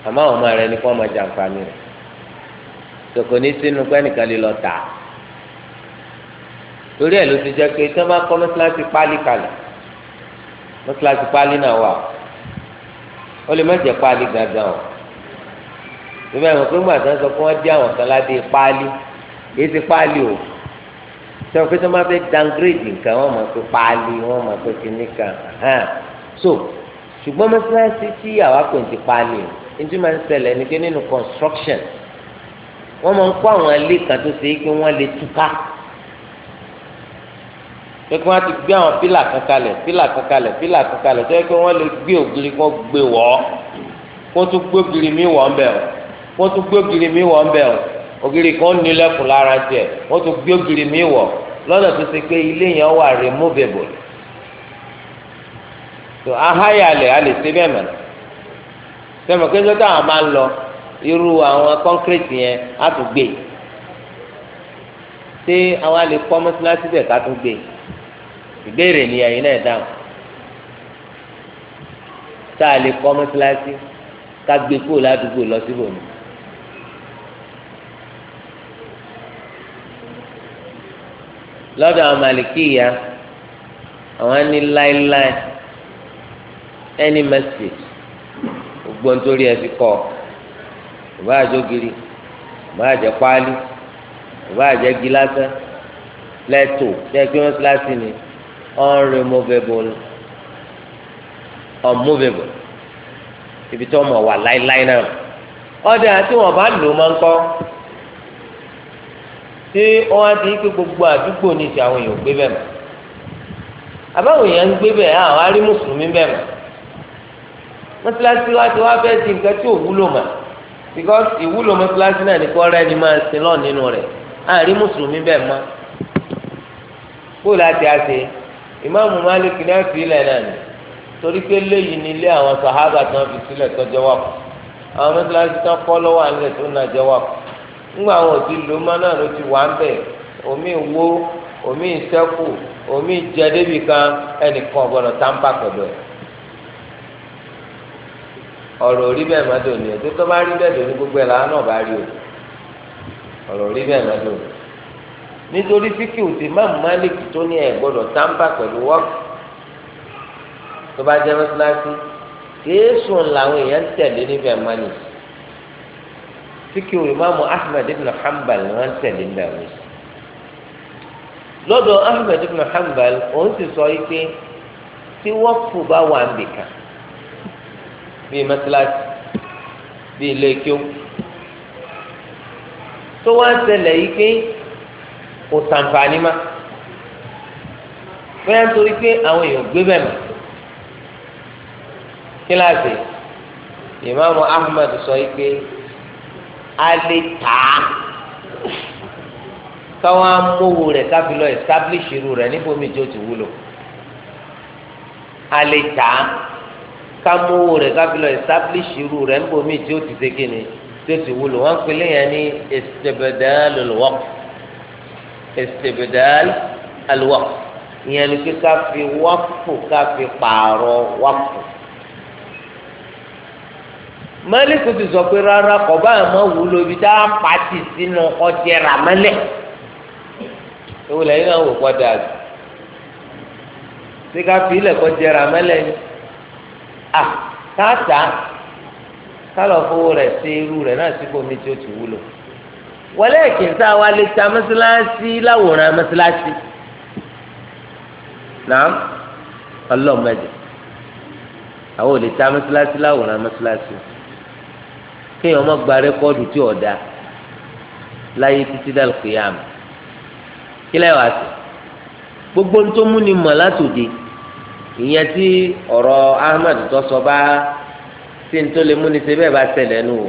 àmọ́ àwọn ọmọ rẹ ni kò máa jàǹfààní rẹ̀ sọ̀kò ní sínú pẹ́nìkan lè lọ tà á torí ẹ̀ ló ti jẹ́ pé tí wọ́n bá kọ́ mọ́sálásí pálí kalẹ̀ mọ́sálásí pálí náà wà ó lè má jẹ́ pálí gangan o ìgbà ìwọ̀n pé gbàtà sọ pé wọ́n dé àwọn kan ládé pálí èyí ti pálí o sọ̀rọ̀ pé tí wọ́n bá fẹ́ downgrade nǹkan wọ́n mọ̀ pé pálí wọ́n mọ̀ pé kìnnìkan so ṣùgbọ́n mọ́sálásí tí àwa kò ti pa ni o ní máa ń ṣẹlẹ̀ ni pé nínú construction wọ́n máa ń kó àwọn ilé kan tó ṣe é pé wọ́n lè túká pé kí wọ́n ti gbé àwọn pílà kan kalẹ̀ pílà kan kalẹ̀ pílà kan kalẹ̀ tó yẹ pé wọ́n lè gbé ògiri kan gbé wọ́ kó tún gbé ògiri mi wọ́ ń bẹ̀ o kó tún gbé ògiri mi wọ́ bẹ̀ o ògiri kan ní lára tiẹ̀ wọ́n tún gbé ògiri mi wọ́ lọ́nà tó ṣe pé ilé yẹn wà removable tó ahayalẹ̀ a lè ṣe bẹ́ẹ̀ àwọn máa lọ irú àwọn kọ́ńkírẹ́tì yẹn á tún gbé ṣé àwọn a ká tún gbé ìbéèrè ni náà tá a lè kọ́ mọ́sálásí ká gbé kúrò ládùúgbò lọ síbòmí. lọ́dọ̀ àwọn any message gbogbo nítorí ẹ fi kọ́ ìbá àjọgiri ìbá àjẹ páálí ìbá àjẹ gíláṣẹ lẹ́tò tẹ́gbẹ́ mọ́síláṣí ni unremovable unmovable ibi tí wọ́n mọ̀ wà láéláé náà ọdẹ àti wọn bá lò máa ń kọ́ tí wọ́n á ti pé gbogbo àdúgbò ní ti àwọn èèyàn gbé bẹ́ẹ̀ mọ́ àbáwọn èèyàn ń gbé bẹ́ẹ̀ àwọn arí mùsùlùmí bẹ́ẹ̀ mọ́. mọ́sálásí wa ti wá fẹ́ di nǹkan tí ò wúlò mọ́ because ìwúlò mọ́sálásí náà ní ni máa sin lọ́ọ̀ nínú rẹ̀ àrí mùsùlùmí bẹ́ẹ̀ mọ́ kóòlù àti àṣẹ ìmáàmù malik náà fi ilẹ̀ náà ni torí pé léyìí ni ilé àwọn sàhábà tí wọ́n fi sílẹ̀ tó jẹ́ wàkù àwọn mọ́sálásí kọ́ lọ́wọ́ àlẹ́ tó náà omi wo omi ìṣẹ́kù omi pẹ̀lú ọ̀rọ̀ orí bẹ́ẹ̀ má dòní o tó bá rí dòní gbogbo ẹ̀ làwọn bá rí o ọ̀rọ̀ orí má dòní. nítorí ti má Malik tó ní ẹ̀ gbọ́dọ̀ táǹpà pẹ̀lú wọ́ọ̀kì tó bá jẹ́ mọ́sálásí kéésù làwọn èèyàn ń tẹ̀lé níbẹ̀ Malik fíkìú ìmáàmù Ahmed ibn Hanbal ni Ahmed ibn Hanbal òun sì sọ yìí pé tí bá wà bíi mẹsàlásì bíi ilé kíó tó wá ń ṣẹlẹ̀ yìí pé kò sàǹfààní má bóyá nítorí pé àwọn èèyàn gbé bẹ́ẹ̀ mọ́ kíláàsì ìmáàmù Ahmed sọ yìí pé a lè tà á káwọn amówó rẹ̀ káfí lọ establish irú rẹ̀ níbo mi tí ti wúlò a lè tà á ká mówó rẹ̀ káfí lọ establish irú rẹ̀ ń bomi tí ó ti ṣe kíni tí ó ti wúlò wọ́n pè lè ní istibdal al-waqf istibdal ìyẹn ni pé káfí waqfu káfí pààrọ̀ waqfu mẹ́líkù ti sọ pé rárá kọ́ bá àmọ́ wúlò ibi tá a pàtì sínú ọjẹ́ rà mẹ́lẹ̀ ewu lẹ́yìn náà wò kọ́ dà sí ká ilẹ̀ kọ́ jẹ́ rà mẹ́lẹ̀ ni à káàtà kálọ̀ fowó rẹ̀ ṣe irú rẹ̀ náà síbò mi tí ó ti wúlò wọlé kì í sá wa lè ta mọ́sálásí láwòrán mọ́sálásí nàám ọlọ́mọdé àwọn ò lè ta mọ́sálásí láwòrán mọ́sálásí kéèyàn má gba rẹ́kọ́ọ̀dù tí ò da láyé títí dàlùkìyàmù kílẹ̀ wá sí gbogbo ń tó ìyẹn tí ọ̀rọ̀ ahmed tó sọ bá tí n tó lè múni ṣe bẹ́ẹ̀ bá ṣẹlẹ̀ nù o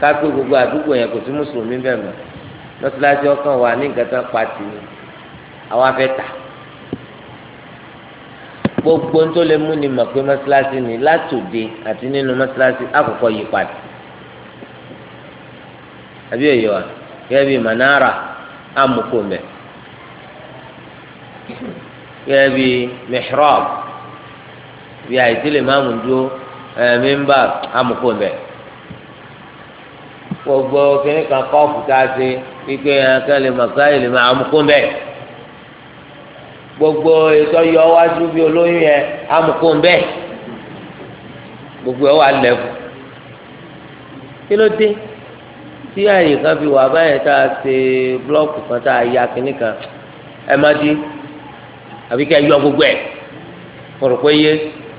ká pé gbogbo àdúgbò yẹn kò sí mùsùlùmí bẹ́ẹ̀ mọ́ lọ́síláṣí ọkàn wà ní nǹkan tán pàtì ni àwa fẹ́ gbogbo n tó lè múni mọ̀ pé mọ́síláṣí ni látòde àti nínú mọ́síláṣí àkọ́kọ́ yí padà àbí òye wa gẹ́gẹ́ bí manara amukome gẹ́gẹ́ bí mihrab bí àìtílè máàmù dúró mímbà amòkò mbẹ gbogbo kìnnì kan kọ́ọ̀pù tá a ṣe wípé ẹ̀ka lè mọ̀ ká lè máa amòkò mbẹ gbogbo ètò yọ wájú bí olóyún yẹn amòkò mbẹ gbogbo ẹ wà lẹ́fù kí ló dé tí àyè kan fi wà báyẹn tá a ṣe búlọ́ọ̀kù kan tá a ya kìnnì kan ẹ má dín àbí kẹ́ yọ gbogbo ẹ̀ kọ̀rọ̀ pé yé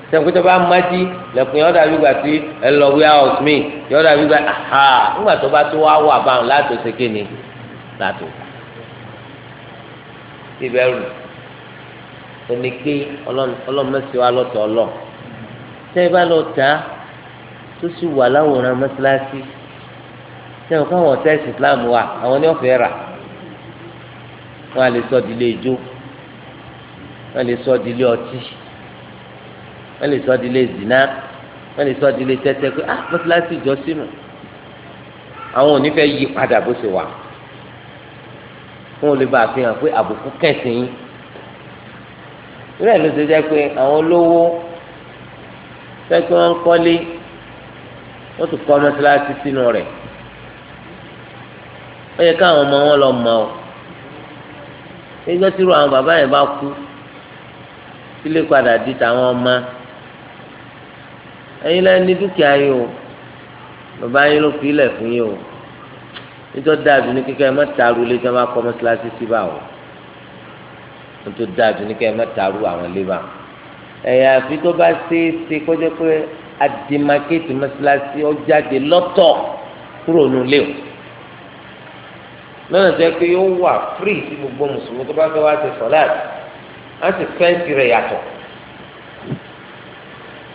sẹ́kùtẹ́ bá mọ́tí lẹ́kùn yọ̀ọ́dà gbígbà tí ẹ lọ wí house mi yọ̀ọ́dà gbígbà aha ńgbà tó bá tó wá wà báwọn látò ṣe kéne látò ìbẹ̀rù onígbé ọlọ́mọ̀sí wa lọ́tọ̀ ọlọ́ tẹ́ ẹ bá lọ tà á tó sì wà láwòrán mọ́sálásí tẹ́ ọ̀ káwọn ọ̀tá ẹ̀sìn Islam wa àwọn ní ọ̀fẹ́ rà wọ́n á lè sọ ìdílé ìjó. So wọ́n lè sọ di ilé ọtí wọ́n lè sọ di ilé zina wọ́n lè sọ di ilé tẹ́tẹ́ pé ah mọ́tíláṣí ìjọsìn nù àwọn ò ní fẹ́ yí padà bó ṣe wà fún olè bá a fi hàn pé àbùkù kẹsìn yín ìrẹ́ ló ṣe jẹ́ pé àwọn olówó fẹ́ kí wọ́n ń kọ́lé wọ́n tún kọ́ mọ́tíláṣí sínú rẹ̀ ó yẹ káwọn ọmọ wọn lọ mọ ọ ẹgbẹ́ tí irú àwọn bàbá yẹn bá kú ilé padà di tàwọn ọmọ ẹ̀yin lẹ́yìn ní dúkìá yìí o bàbá yín ló fi ilẹ̀ fún yín o nítorí dáadu ní kíkẹ́ ẹ má taru ilé tí wọ́n bá kọ́ mọ́sálásí sí bá o nítorí dáadu ní kíkẹ́ ẹ má taru àwọn ilé bá ẹ̀yà àfi tó bá ṣe é ṣe kọjá pé adimakéètì mọ́sálásí ọjáde lọ́tọ̀ kúrò nílé o lọ́nà tó yẹ pé yóò wà fírì sí gbogbo mùsùlùmí tó bá fẹ́ wá ṣe sọ́láàtì. a sì fẹ́ rẹ̀ yàtọ̀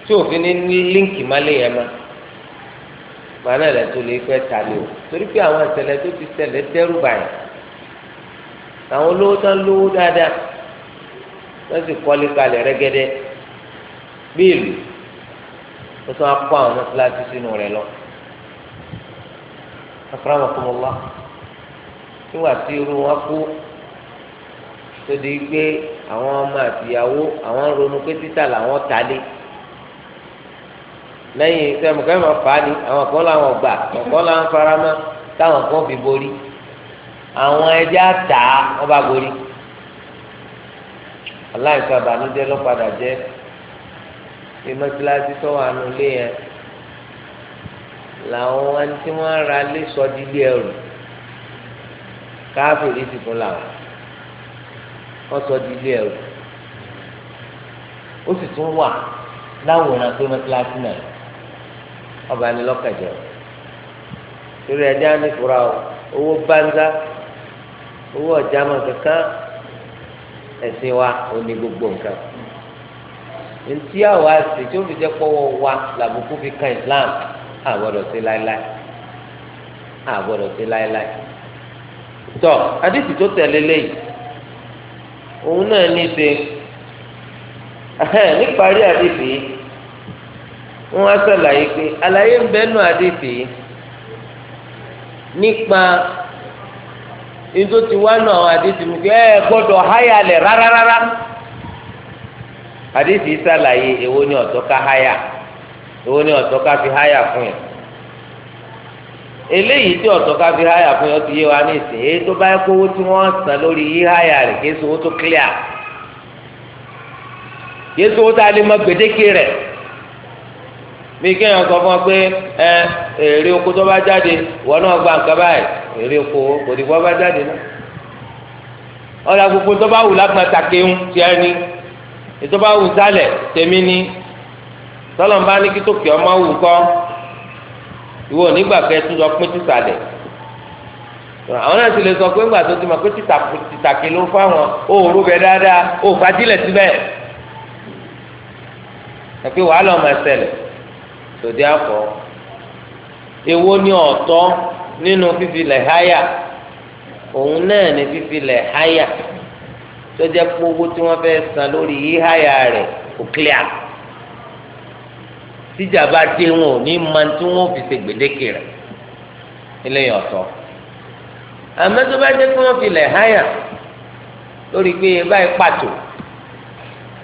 tí òfin ní líǹkì ma lè yẹn ma màá náà lẹ tó lè fẹ́ ta lé o torí pé àwọn ìṣẹ̀lẹ̀ tó ti ṣẹlẹ̀ dẹ́rù báyìí àwọn olówó tán lówó dáadáa wọ́n sì kọ́lé kalẹ̀ rẹ́gẹ́dẹ́ wọ́n tún á kó àwọn sínú rẹ̀ lọ. tí tó di pé àwọn ọmọ àtìyàwó àwọn ronú pé títà làwọn ta lé lẹ́yìn sẹ́mu kẹ́mi ọ̀fà ni àwọn kan làwọn gbà àwọn kan làwọn faramọ́ táwọn kan fi borí àwọn ẹja tà á wọ́n bá borí aláìsàn àbànújẹ́ ló padà jẹ́ bí mọ́tíláṣí tó wà nù lé yẹn làwọn ẹni tí wọ́n ra lé sọ di ilé ẹrù káfíìrì ti fún làwọn wọ́n sọ di ilé ẹ̀rù ó sì tún wà láwòrán pé mọ́tíláṣí náà ọba ni lọ́kàjẹ́ o torí ẹ̀dá ní fura o owó bánzá owó ọ̀já mọ̀ kankan ẹ̀sìn wa ò ní gbogbo nǹkan ntí àwa sì tí ó fi jẹ́ pọ́wọ́ wa làbùkù fi kan Islam àgbọ̀dọ̀ sí láéláé àgbọ̀dọ̀ sí láéláé tọ́ adéṣì tó tẹ̀lé òun náà ní ṣe níparí àdìsí wọn á ṣàlàyé pé àlàyé ń bẹ́ẹ̀ nù àdìsí nípa ètò tí wá nù àwọn àdìsí mi pé ẹ gbọ́dọ̀ háyà lẹ̀ rárárárá àdìsí ṣàlàyé èwo ni ọ̀tọ́ ká háyà ni ọ̀tọ́ fi háyà fún eléyìí tí ọ̀tọ̀ ká fi háyà fún yọ yé wa ní ìsìn tó bá kó tí wọ́n san lórí yí háyà rẹ̀ kí tó kí owó a lè gbèdéke rẹ̀ bí kéèyàn sọ fún ọ pé ẹ èrè oko tó bá jáde wọn náà gba nǹkan báyìí èrè oko kò bá jáde náà ọ̀là gbogbo tó bá wù ni ètò bá wù sálẹ̀ ni bá ní kí tó ìwọ nígbà kẹ tún lọ pín sísàlẹ̀ àwọn náà sì lè sọ pé ńgbà tó ti mọ̀ pé tìtàkì ló fáwọn òòrùn bẹ dáadáa òòfàdílẹ̀ síbẹ̀ ẹ̀pẹ́ wàhálà ọmọ ẹsẹ̀lẹ̀ tòdí àpọ̀ èwo ni ọ̀tọ̀ nínú fífilẹ̀ háyà òun náà ní fífilẹ̀ háyà tó jẹ́ pé owó tí wọ́n fẹ́ san lórí yíháyà rẹ̀ kò clear tíjà bá dé wọn ò ní máa tí wọn fi ṣe gbèdéke rẹ̀ eléyìí ọ̀tọ̀ àmọ́ tó bá dé kí wọn fi lẹ̀ háyà lórí pé báyìí pàtó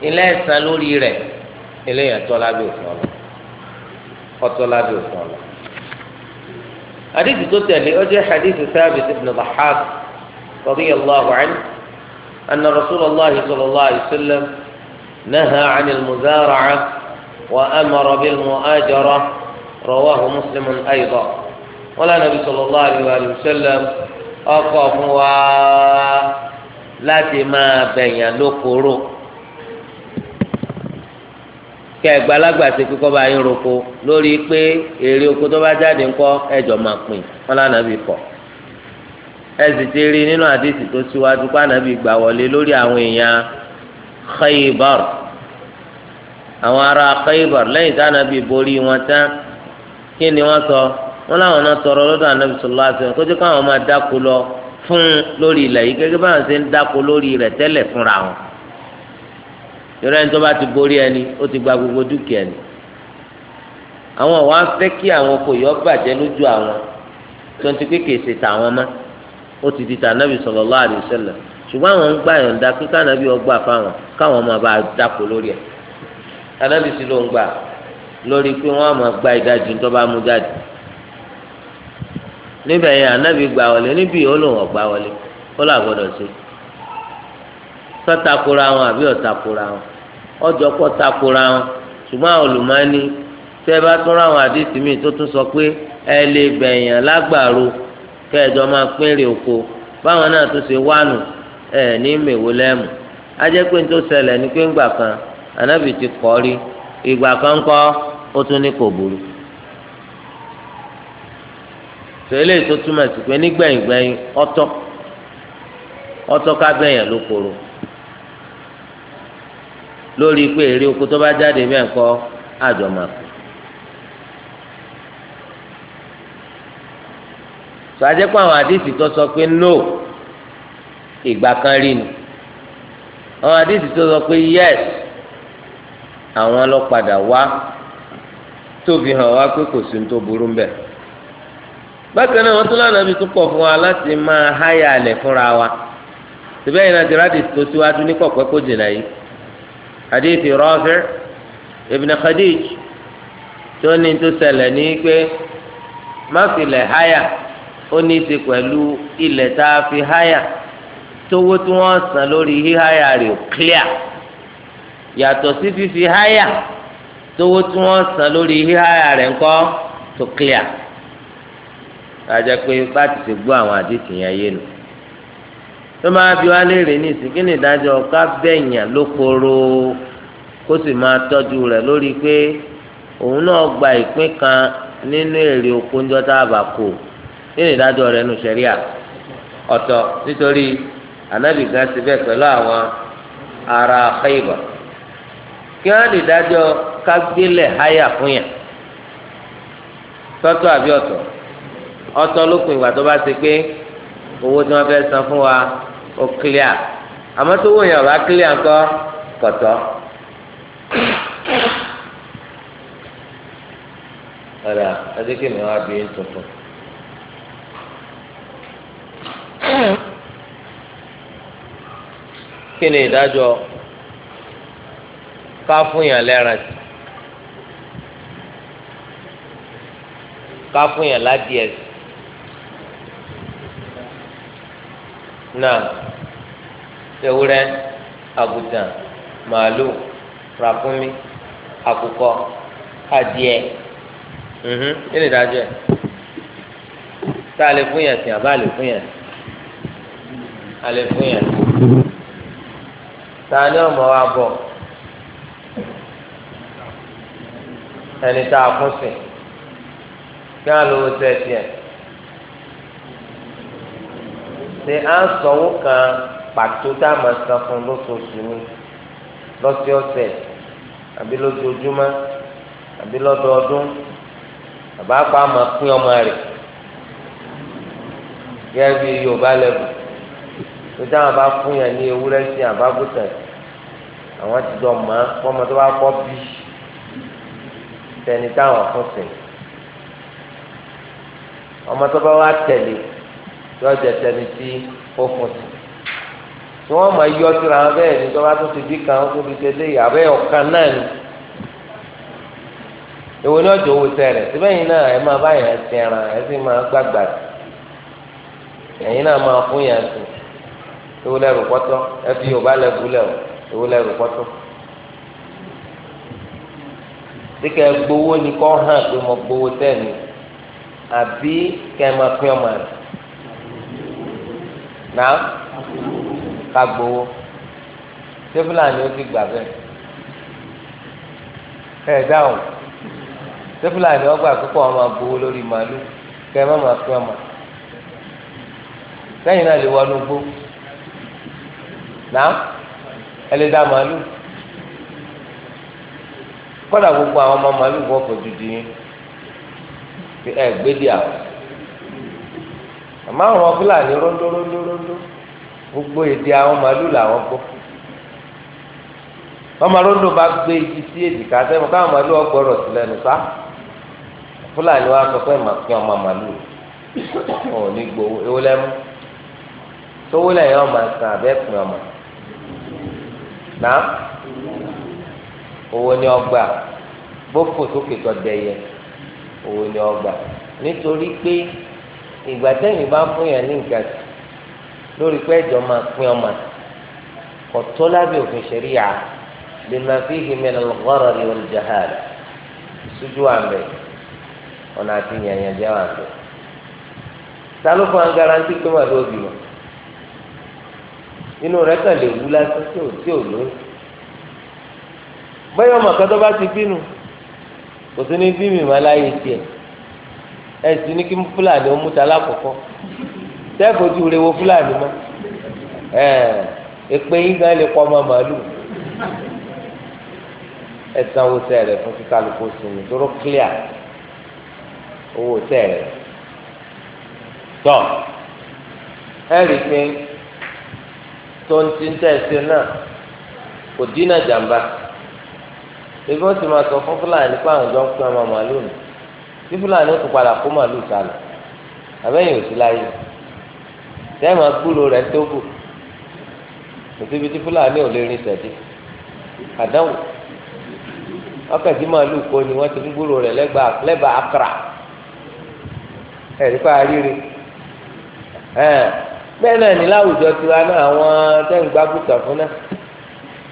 ilé ẹ̀sán lórí rẹ̀ eléyìí ọ̀tọ̀ lábẹ́ òfin ọlọ ọ̀tọ̀ lábẹ́ òfin ọlọ. حديث تتلي أجل حديث ثابت بن ضحاك رضي الله عنه أن رسول الله صلى الله عليه وسلم نهى عن المزارعة وأمر بالمؤاجرة رواه مسلم أيضا ولا نبي صلى الله عليه وسلم أقف láti máa bẹ̀yàn lókòrò kẹgbàlagbà ti kíkọ́ bá yín roko lórí pé èrè oko tó bá jáde ńkọ́ ẹjọ́ máa pín wọn lánàbí kọ́ ẹ sì ti rí nínú àdìsí tó síwájú pé ànàbí gbà wọlé lórí àwọn èèyàn Khaybar àwọn ará Khaybar lẹ́yìn tí anabi borí wọn tán kí ni wọ́n sọ wọ́n láwọn náà tọrọ lọ́dọ̀ anabi sallallahu alaihi kó tó káwọn máa dáko lọ fún lórí ilẹ̀ yìí gẹ́gẹ́ báwọn ṣe ń dáko lórí rẹ̀ tẹ́lẹ̀ fúnra wọn yọrọ ẹni tó bá ti borí ẹni ó gba gbogbo dúkìá àwọn wa fẹ́ kí àwọn yọ bàjẹ́ lójú àwọn tó ń ti tàwọn mọ́ ó ti di tànàbì ṣùgbọ́n àwọn ń anábì sí ló ń gbà lórí pé wọn á máa gba ìdajì tó bá mú jáde níbẹ̀ yẹn anábì gbà wọlé níbí yìí ó lòun ọ̀gbà wọlé ó là gbọ́dọ̀ sí sọ́takora wọn àbí ṣùgbọ́n àwọn sọ pé ẹ lè bẹ̀yàn lágbàro kẹjọ máa ṣe wánu ẹ ní mèwó lẹ́mù tó ṣẹlẹ̀ kan anabi ti kọ́ rí ìgbà kan kọ́ ó tún ní kò burú tẹ́lẹ̀ tó túmọ̀ sí pé nígbẹ̀yìngbẹ̀yìn ọ̀tọ̀ ọ̀tọ̀ ká bẹ̀yàn ló koro lórí pé èrè oko tó bá jáde bẹ́ẹ̀ kọ́ àjọmọ̀kù. sọ́jà pé àwọn àdìsí tó sọ pé no ìgbà kan rí ni àwọn àdìsí tó sọ pé yes àwọn ọlọ́padà wá tó hàn wá pé kò sí tó burú mbẹ bákan náà wọn tún lánàá bí tún wa láti máa háyà alẹ̀ fúnra wa síbẹ̀ yìí náà jìrádì tó síwájú ní kó jìnnà yìí ibn Khadij tó ní tó ṣẹlẹ̀ ní pé má filẹ̀ háyà ó ní pẹ̀lú ilẹ̀ tá a fi háyà tówó tí wọ́n san lórí híháyà ó clear. yàtọ̀ sí fífi háyà tówó tí wọ́n san lórí híháyà rẹ̀ ńkọ́ tó clear àjẹ pé bá ti ti gbọ́ àwọn àdìsí yẹn yé nu tó máa fi wá léèrè ní ìsìnkí ní ìdájọ́ ká bẹ̀yàn lóporo kó sì máa tọ́jú rẹ̀ lórí pé òun náà gba ìpín kan nínú èrè oko ńjọ́ tá a bá kó nínú ìdájọ́ rẹ̀ nù sẹ́ríà ọ̀tọ̀ nítorí ànábìgá síbẹ̀ pẹ̀lú àwọn ará Khaybar kí wọ́n lè dájọ́ kágbélẹ̀ háyà fún yàn tọ́tọ́ àbí ọ̀tọ̀ ọ̀tọ̀ lókun ìgbà tó bá ṣe pé owó tí wọ́n fẹ́ san fún wa ó clear àmọ́ tó wò yàn bá clear ńkọ́ kọ̀tọ́. ọ̀rẹ́ adékè mi wá bí ń tuntun. kí ni ìdájọ́ ká fún yàn lẹ́ran sí ká fún yàn ládìẹ sí náà ewúrẹ́ àgùtàn màálù ràkúnmí àkùkọ adìẹ mhm kí ni ìdájọ́ ẹ̀ tá a lè fún yàn sí àbá a lè fún yàn sí a lè fún yàn sí ta ni ọmọ wa bọ̀. ẹni tá a kún sí kí á lówó sẹ tiẹ̀ ṣe à ń sanwó kan pàtó tá a máa san fún lóṣooṣù ni lọ́sọ̀ọ̀sẹ̀ àbí lójoojúmọ́ àbí lọ́dọọdún bàbá pa àmọ́ pín ọmọ rẹ̀ gẹ́gẹ́ bí yorùbá lẹ́bù tó táwọn bá fún yàn ní ewúrẹ́ sí àbábùtàn àwọn ti dọ̀ mọ́ fọmọ tó bá kọ́ bí tẹni táwọn fún sí ọmọ tó bá wá tẹ̀lé yọ jẹ tẹni tí ó fún sí tí wọ́n máa yọ síra wọn bẹ́ẹ̀ ni tó bá tún ti bí kan ó tún fi ṣe lé ìyàwó ẹ̀ ọ̀kan náà ni èwo ni ọjọ́ owó sẹ́rẹ̀ síbẹ̀yìn náà ẹ máa bá yẹn sin ara ẹ sì máa gbàgbà ẹ̀yin náà máa fún yẹn sùn èwo lẹ́rù pọ́tọ́ ẹ fi Yorùbá lẹ́gùn lẹ́wọ̀ èwo lẹ́rù pọ́tọ́ tí kẹ́ gbowó ni kọ́ hàn pé mo gbowó tẹ́ni àbí kẹ́ máa pín ọmọ rẹ̀ náà ká gbowó ṣé fúlàní ó ti gbà bẹ́ẹ̀ ẹ dáhùn ṣé fúlàní ọgbà púpọ̀ ọmọ gbowó lórí màálù kẹ́ má máa pín ọmọ sẹ́yìn náà lè wọnú gbó náà ẹ lè dá màálù. kọ́dà gbogbo àwọn ọmọ màálù wọ́n fojú di fi àwọn àmọ́ àwọn fúlàní rọ́ńdó gbogbo èdè àwọn màálù làwọn gbọ́ ọmọ rọ́ńdó bá gbé igi sí èjìká sẹ́mu káwọn màálù ọgbọ́rọ̀ sí lẹ́nu sá fúlàní wa sọ pé màá fi ọmọ màálù ọ̀ ní gbowó ewu lẹ́mú owó ni ọgbà gbófò sókè tó dẹyẹ owó ni ọgbà nítorí pé ìgbà tẹ́yìn bá fún yẹn ní nǹkan lórí pé ẹ̀jọ̀ máa pín ọmọ ọ̀tọ́ lábẹ́ òfin ṣẹ̀ríyà lima fihi min al-gharari wal-jahala ìṣújú àmì ọ̀nà ta garanti pé wà lóbi wọn inú rẹ̀ kàn lè wú lásán bẹ́ẹ̀ ọmọ kan tó bá ti bínú kò sí ní bímì má láyé tiẹ̀ ẹ sì ní kí fúlàní ó múta lákòókò tẹ́fọ̀jú rewo fúlàní mọ́ ẹ èpè yín gan lè pọ̀ ọmọ màálù ẹ sanwó sẹ́rẹ̀ fún kíkálukú sinmi tóró clear owó sẹ́rẹ̀ tọ́ ẹ rí i pé tó ń ti ń tẹ̀sí náà kò dínà jàmbá ebi ó sì máa sọ fún fúlàní pé àwọn jọ ń pín ọmọ màálù nù tí fúlàní ó tún padà kó màálù sálọ àbẹ́yìn ò sí láyé tẹ́ẹ̀mà gbúrò rẹ̀ tó kù òsibí tí fúlàní ò lè rin sẹ̀dí àdánwò ọkàtí màálù kó ni wọ́n ti ń gbúrò rẹ̀ lẹ́bàá akra ẹ̀rí pa àríire bẹ́ẹ̀ náà ní láwùjọ tiwa náà àwọn tẹ́ǹgbàgùtà fún náà.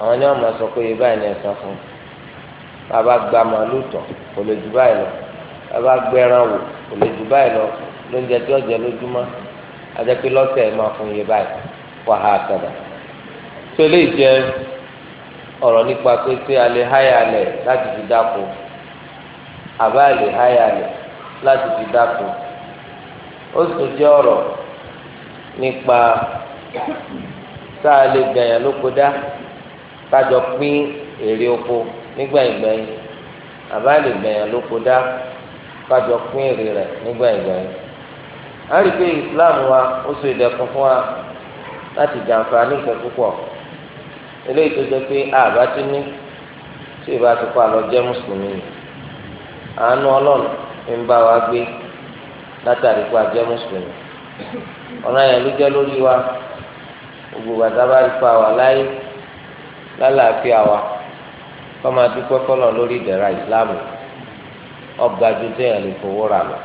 àwọn ni wọn máa sọ pé iye báyìí ni fún gba màálù tán kò lè jù báyìí lọ bàbá gbẹran wò kò lè jù báyìí lọ lóúnjẹ tí ọjà lójúmọ́ adẹ́pẹ́ lọ́sẹ̀ ẹ̀ máa fún iye báyìí wà á kàdà tó lè jẹ ọ̀rọ̀ nípa pé ṣé a lè háyà kájọ pín èrè oko n'igba àbá lè gbẹ̀yàn lóko dá kájọ pín èrè rẹ̀ a rí i pé Islam wa ó so ìdẹ̀kùn fún wa láti jàǹfààní nǹkan púpọ̀ eléyìí tó pé àbá ti ní tí ìbá ti kọ́ àlọ́ jẹ́ mùsùlùmí ni àánú ọlọ́run pé a jẹ́ mùsùlùmí ọ̀nà yẹn ló jẹ́ lórí wa gbogbo lálàáfíà wa kọ́má dúpẹ́ fọlọ́ lórí ìdẹ̀ra ìsìláàmù ọgbà ju téèyàn lè fowó rà lọ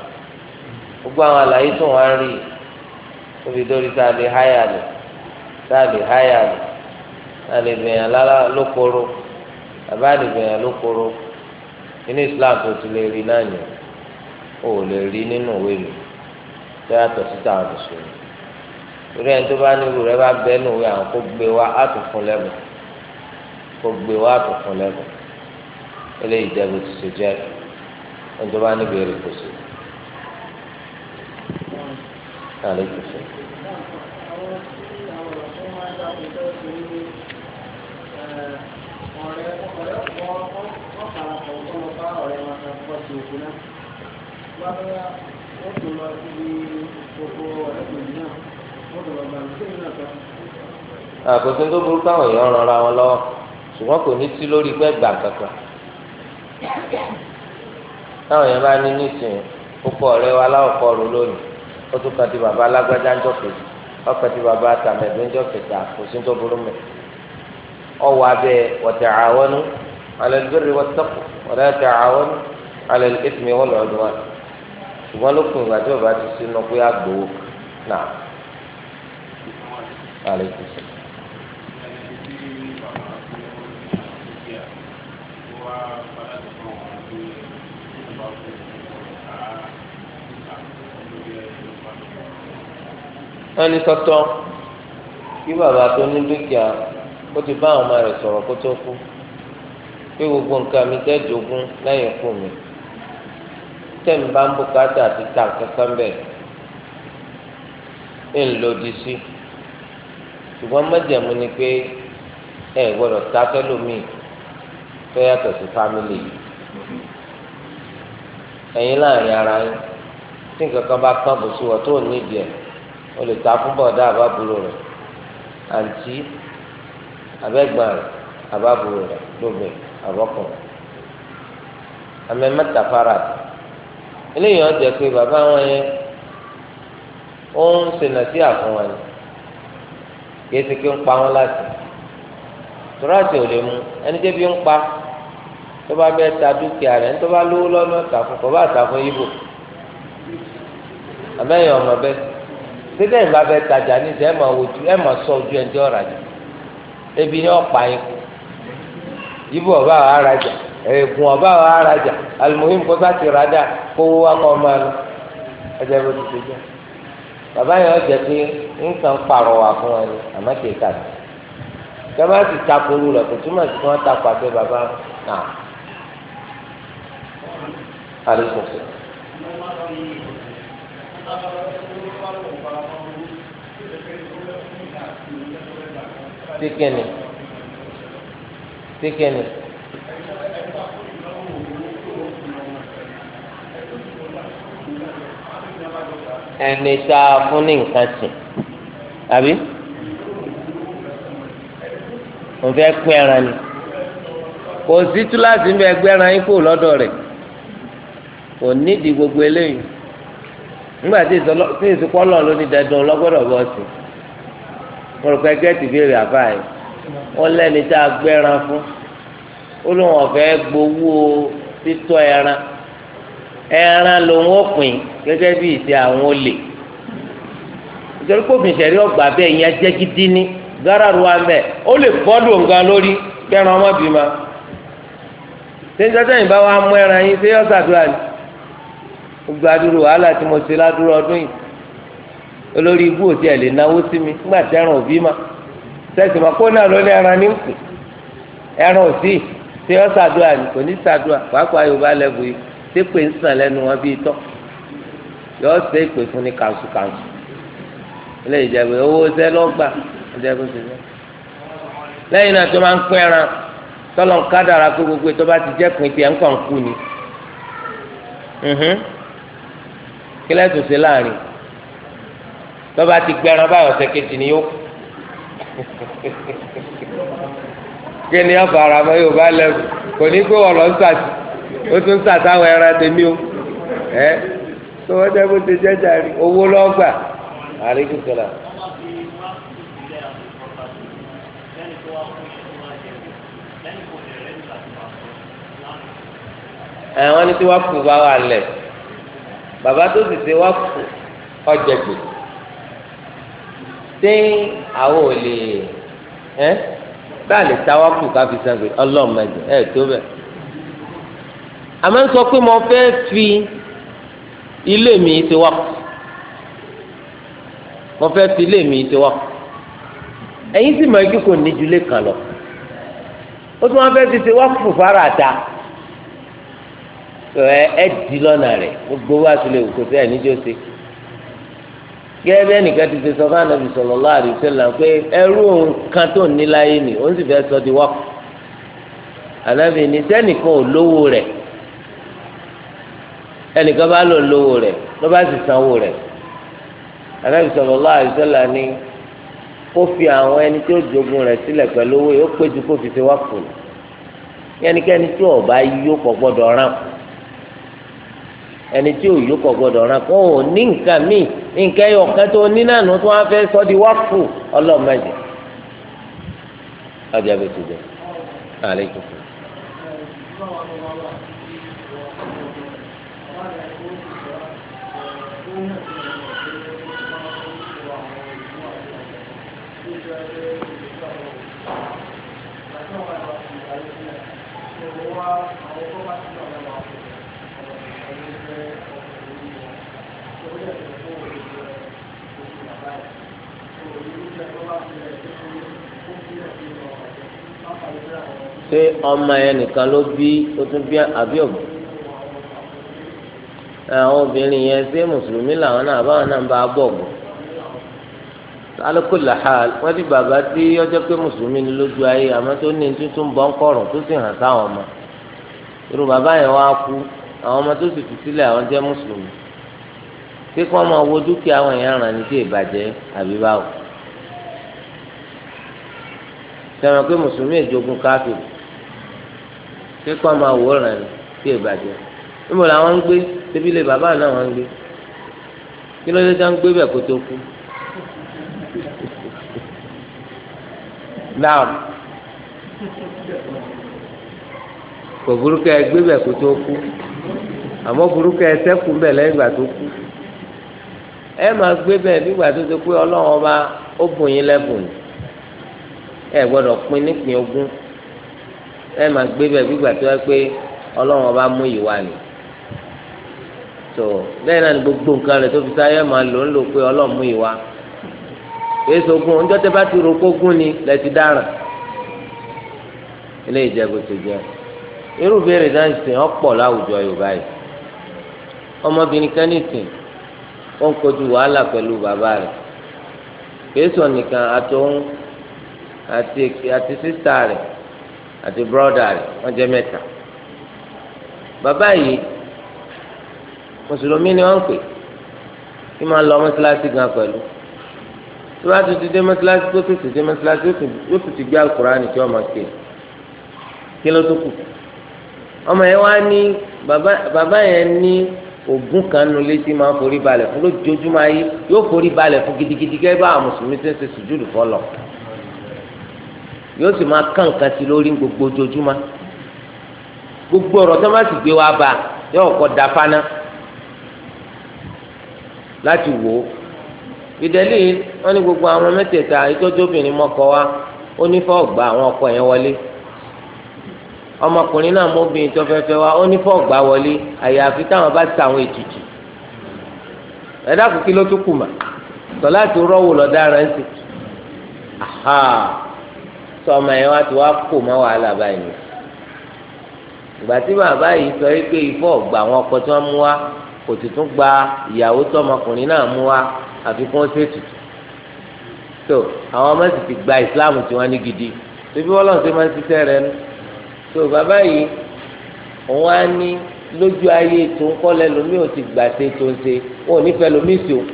gbogbo àwọn àlàyé tó wọ́n á rí níbi dórí tá a lè islam tó ti lè rí náà yẹn ò lè rí nínú òwe mi tó yàtọ̀ síta àwọn torí ẹni tó bá ní kó gbé wá àtúnfún lẹ́bùn eléyìí jẹ́ bó ti ṣe jẹ́ ẹjọ́ bá níbi èrè kò sí. Àlékún fún un. ti òkú àkótó tó burú káwọn èèyàn ran ara wọn lọ́wọ́ ṣùgbọ́n kò ní sí lórí pé gbà kankan táwọn yẹn bá ní nísìnyí ó kọ ọ̀rẹ́ wa aláwọ̀ kọ́ ọ̀rọ̀ lónìí ó tún kan ti bàbá alágbájá ń jọ kejì ọkọ̀ ti bàbá tàmẹ̀dún ń jọ kẹta kò sí tó burú mẹ́ ọwọ́ abẹ́ wata'awanu 'ala al-birri wat-taqwa wa la ta'awanu 'ala al ṣùgbọ́n lókun ìgbà tí bàbá ti sínú pé àgbòwò náà. Aleykum salaam. wọn ní sọtọ kí bàbá tó ní dúkìá ó ti bá àwọn ọmọ rẹ̀ sọ̀rọ̀ kó tó kú pé gbogbo nǹkan mi tẹ́ jogún lẹ́yìn ikú mi tẹ̀mí bá ń bùkátà àti ta kankan bẹ́ẹ̀ ń lòdì sí ṣùgbọ́n mọ́jẹ̀mú ni pé ẹ gbọ́dọ̀ ta fẹ́lòmíì tó yàtọ̀ sí fámìlì yìí ẹ̀yin láàrin ara yín tí nǹkan kan bá kán bùsùn wọ́n tó nídìí ẹ̀ o lè ta fún bọ̀dá àbábúrò rẹ̀ àǹtí abẹ́gbọ̀n rẹ̀ àbábúrò rẹ̀ lóbìn àbọ́kùnrin àmì mẹ́ta fara eléyìí ọ̀jẹ̀ pé bàbá wọn yẹn ó ń ṣèlè sí àfún wọn kìí ṣe kí ń pa wọn láti tùrọ̀tì ò lè mú ẹni débi ń pa tó bá bẹ́ẹ̀ ta dúkìá rẹ̀ tó bá lówó lọ́nà tà kò bá tà fún yíbò àbẹ́yẹn ọmọ bẹ́ẹ̀ síbẹ̀ ìgbà bẹ tajà ní ìṣe ẹ máa wojú ẹ máa sọ ojú ẹjọ́ rajà ebi ni ọ̀pá yín kù ibo ọba wa rajà ẹ̀gùn ọba wa rajà alùmọ́yìn kó sá ti rajà kówó wa kọ́ máa lọ ẹjẹ bó ti ṣe jẹ bàbá yẹn ọjà pé nǹkan pààrọ̀ wà fún ẹ àmọ́ kì í kà sí kẹ́mà sì takoru rẹ̀ kò túmọ̀ sí kí wọ́n takò àti bàbá náà. Alẹ́ sọ̀tún. síkìnì síkìnì. ẹni tá a fún ní nǹkan sìn àbí òun fẹ́ pín ẹran ni kò sí túláàsì ń bẹ ẹgbẹ́ yín lọ́dọ̀ rẹ̀ kò nídìí gbogbo eléyìí. nígbà si ìsopọ̀ lọ lóní dandan lọ́gbọ́dọ̀ bọ́ sí wọn rò pé ti béèrè àbá yìí wọn lẹ́ni tá a gbẹ́ran fún ó lóun ọ̀fẹ́ gbowó o ẹran ẹran lòun ó pín gẹ́gẹ́ bí ìṣe àwọn olè ìjọba kófin ìṣẹ̀rí ọgbà bẹ́ẹ̀ yẹn jẹ́ gidi ní gáràrú wa mẹ́ ó lè fọ́dù nǹkan lórí kẹran ma ṣé yìí bá wa mú ẹran yín ṣé gbogbo adúrò wàhálà tí mo ṣe ládùúrò ọdún yìí olórí ibú òtí ẹ̀ lè náwó sí mi nígbà ma sẹ́sì máa kó náà lórí ẹran ní nkù ẹran òsì tí ó ṣàdúrà ní kò ní ṣàdúrà pàápàá yorùbá lẹ́bù yìí tí pè ń sàn lẹ́nu wọn bíi tọ́ yọ ṣe ìpè fún ní kàǹsù kàǹsù ilé ìjẹ̀bù owó ṣẹ́ lọ́gbà ìjẹ̀bù ṣe lẹ́yìn náà tó máa ń ẹran ń kádàrà pé gbogbo bá ti jẹ́ kílẹ̀ tó ṣe láàrin lọ́ba ti gbẹran báyọ̀ ọ̀sẹ̀ kejì ni yó kí ni ọba ara mọ yóò bá lẹ́nu kò ní pé wọ́n lọ ń sàtì ó tún ń sàtì àwọn ẹran tèmi o ẹ tó wọ́n jẹ́ bó ṣe jẹ́jà rí owó lọ́gbà àríkùsọ̀là. ẹ wọ́n ní tí wọ́n kú bá wà lẹ̀ bàbá tó sì ṣe wá kù ọjà gbè ṣé àwọn ò lè ẹ báà lè ta wá kù ká fi sàgbè ọlọ́mọdé ẹ tó bẹ̀. àmọ́ ń sọ pé mo fẹ́ fi ilé mi ṣe wá kù mo fẹ́ fi ilé mi ṣe wá kù ẹ̀yin sì mọ̀ ẹ́ kí kò ní ju ilé kan lọ ó tún wá fẹ́ fi ṣe wá fara ta. Eh, ẹ di lọ́nà rẹ̀ gbogbo wa ti lè wò kó sí ẹ̀ níjó se gẹ́gẹ́ bí ti ṣe sọ fún anabi sallallahu alaihi wasallam pé ẹrú òun kan tó ní láyé nì òun sì fẹ́ sọ di wọ́pọ̀ anabi ní sẹ́nìkan ò lówó rẹ̀ ẹnìkan bá lò lówó rẹ̀ ló bá sì sanwó rẹ̀ anabi fi àwọn ẹni jogun rẹ̀ sílẹ̀ pẹ̀lú owó yìí ó ẹni tí òyò kọ gbọ́dọ̀ ràn kó o ní nǹkan míì nǹkan ẹyọ kan tó ní nànú tó wọn fẹ́ sọ di wákù ọlọmọdé ọjà bẹ ṣé ọmọ yẹn nìkan ló bí ó tún bí àbí òbí àwọn obìnrin yẹn ṣé mùsùlùmí làwọn náà báwọn náà ń bá bọ̀gù alákòlá ha wọ́n ti bàbá tí ọjọ́ pé mùsùlùmí ni lójú ayé àmọ́ tó ní tuntun bọ́ ń kọ̀rùn tó sì hàn sáwọn ọmọ irú bàbá yẹn wá kú àwọn ọmọ tó sì fi sílẹ̀ àwọn jẹ́ mùsùlùmí pé kí wọ́n máa wo dúkìá àwọn èèyàn ràn ní sí ìbàjẹ́ àbí báwo sẹ́wọ̀n pé mùsùlùmí èjogún káfíìrì ṣé kó máa wòran ni kí ìbàjẹ́ níbo làwọn ń gbé débi ilé bàbá náà wọn ń gbé kí ló dé tá ń gbé bẹ̀ kó tó kú. náà kò burúkú ẹ gbé bẹ̀ kó tó kú àmọ́ burúkú ẹ sẹ́kù bẹ̀ lẹ́yìn ìgbà tó kú ẹ máa gbé bẹ́ẹ̀ nígbà tó ti pé ọlọ́run ọba ó bùn yín lẹ́bùn ẹ gbọ́dọ̀ pín nípìn ogún ẹ máa gbé bẹ́ẹ̀ gbígbà tó yẹ pé ọlọ́run ọba mú ìwà gbogbo nǹkan rẹ̀ tó fi sáyẹ́ máa lò ń lò pé ọlọ́run mú ìwà èso gun oúnjẹ tẹ bá ti ro kó ni lẹ ti dáràn ilé ìjẹ́bù ti jẹ́ irú béèrè náà sìn ọ̀pọ̀ láwùjọ yorùbá yìí ọmọbìnrin kan nìsín ó ń kojú wàhálà pẹ̀lú bàbá rẹ̀ kèésọ̀ nìkan àti sísá rẹ̀ àti bírọ́dà rẹ̀ wọ́n jẹ́ mẹ́ta bàbá yìí mùsùlùmí ni wọ́n ń pè kí máa lọ mọ́sálásí gan pẹ̀lú tí wọ́n á tún ti dé mọ́sálásí tó tètè dé mọ́sálásí yóò tún ti gbé àlùkùránì tí wọ́n máa ké kí ló tó kù ọmọ yẹn wá ní bàbá yẹn ní ògùn kan nu létí máa forí balẹ̀ fún lójoojúmọ́ ayé yóò forí balẹ̀ fún gidigidi gẹ́gẹ́ bá àwọn mùsùlùmí ti ń ṣe sùjúdù fọlọ́ yóò sì máa kàn kan sí gbogbo ojoojúmọ́ gbogbo ọ̀rọ̀ tó bá sì gbé wá bá yóò da fáná láti wò ó ìdẹ́lì wọn gbogbo àwọn mẹ́tẹ̀ẹ̀ta ìtọ́jú obìnrin mọ́kọ wa ó ní fọ́ ọkọ yẹn wọlé ọmọkùnrin náà mọ́bìnrin wa ó ní fọ́ wọlé àyàfi ta àwọn ètùtù ẹ̀dá kò kí ló tún rọ́wọ́ lọ́dá rẹ̀ ń sè tọmọ yẹn wá ti wá kò mọ́ wàhálà báyìí ìgbà tí bàbá yìí sọ pé ifọ̀ gbà wọn ọkọ tí wọ́n mú wá kò tuntun gba ìyàwó tọmọkùnrin náà mú wá àfikún ṣètùtù tó àwọn ọmọ sì ti gba ìsìláàmù tí wọ́n ní gidi tóbi wọ́n lọ́n ṣe máa ń ṣiṣẹ́ rẹ nu tó bàbá yìí òun á ní lójú ayé tó ń kọ́ lẹ́lòmíì ò ti gbà ṣe tó ń ṣe òun ò nífẹ̀ẹ́ lòmíì sí òun.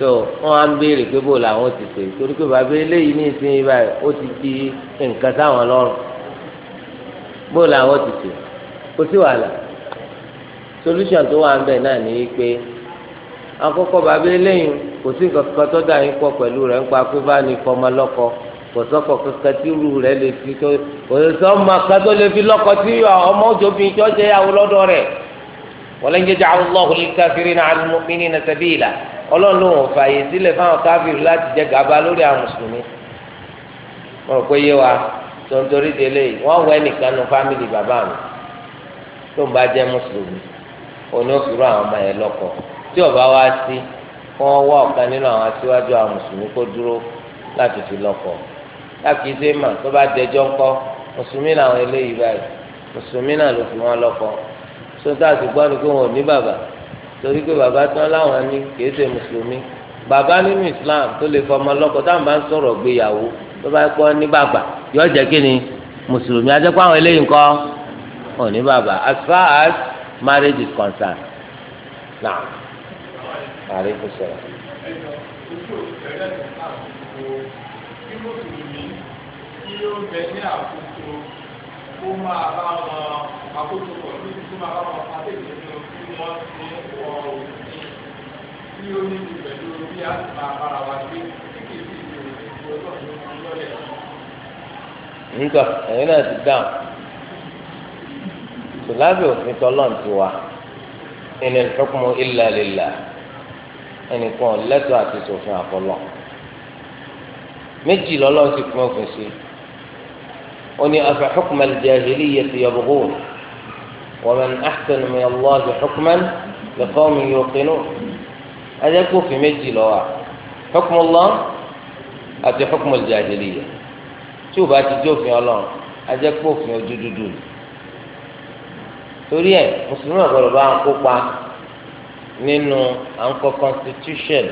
so wọn á ń béèrè pé bó làwọn ti ṣe torí pé bàbá eléyìí ní ìsinyìí báyìí ó ti di nǹkan sáwọn lọ́rùn bó làwọn ti ṣe sí wàhálà solution tó wà ń bẹ̀ náà ní pé àkọ́kọ́ bàbá eléyìí kò sí kankan tó dà yín pọ̀ pẹ̀lú rẹ̀ ń pa pé bá ní fọmọ lọ́kọ kò sọ́kọ̀ kankan tí irú rẹ̀ lè fi tó kò kan tó lè fi lọ́kọ tí ọmọ ọlọ́run ló wọ́n fààyè sílẹ̀ fáwọn káfíìrì láti jẹ gàba lórí àwọn mùsùlùmí wọn rò pé yé wa tó ń torí délé yìí wọ́n wọ ẹnìkan nu fámìlì bàbá mi tó ń bá jẹ́ mùsùlùmí òní ó fi rú àwọn ọmọ yẹn lọ́kọ tí ọba wa sí kó wọ́n wá ọ̀kan nínú àwọn aṣíwájú àwọn mùsùlùmí kó dúró láti fi lọ́kọ láàkì í tó bá dẹjọ́ ńkọ́ mùsùlùmí làwọn eléyìí báyìí mùsùlùmí náà ló fi wọn lọ́kọ sótà àtìgbọ́n ni torí pé bàbá tán láwọn ní kìí ṣe mùsùlùmí bàbá nínú islam tó lè fọmọ lọ́kọ táwọn bá ń sọ̀rọ̀ gbéyàwó tó bá kọ́ ní bàbá yóò jẹ́ kí ni mùsùlùmí á jẹ́ pé àwọn eléyìí ńkọ́ ò ní bàbá as far as marriage is concerned now àrí kò sọ̀rọ̀. Thank you kó máa bá wọn àkójọpọ̀ ní kó máa bá wọn pàtẹ́kì ní kí wọ́n ti wọ òun ní tí ó ní ti pẹ̀lú bí a ti máa bára wa gbé kí kí ti ìròyìn ìlú ọlọ́run ló ń lọ́lẹ̀. nígbà ẹ̀yin náà ti dáhùn tòlábì òfin tọ́lọ́n ti wà ẹni ìfọ́kùnmọ́ illa lillah ẹnìkan lẹ́tọ̀ọ́ àti sòfin àfọlọ́ méjì lọ́lọ́ sì pín òfin sí i. أني أفحكم الجاهلية يبغون ومن أحسن من الله حكما لقوم يوقنون هذا يكون في مجي لوا حكم الله àti hukumul jahiliya tí o bá ti dé òfin Ọlọ́run ajẹ pé òfin ojú dúdú ni torí ẹ mùsùlùmí ọgbọdọ bá ń kópa nínú àǹkọ constitution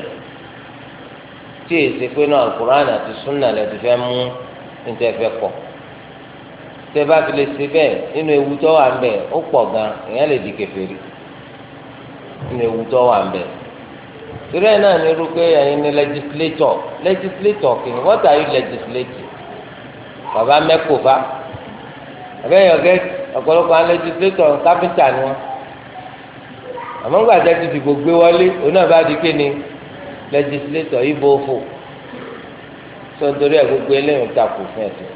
tí èsì pé náà alukur'an àti sunna lè ti fẹ́ mú níta ẹ̀fẹ́ kọ́. tẹ bá fi lè ṣe bẹ́ẹ̀ nínú ewu tó wà ń ó pọ̀ gan èèyàn lè di nínú ewu tó wà ń bẹ náà ní legislator legislator kìíní what are you bàbá mẹ́kò bá àbẹ́yẹn ọ̀gẹ́ ọ̀pọ̀lọpọ̀ àwọn legislator kápẹ́ntà ni wọ́n àmọ́ ti dìbò gbé wọlé òun náà di kíni legislator sọ ẹ̀ gbogbo eléyìí takò fún ẹ̀sìn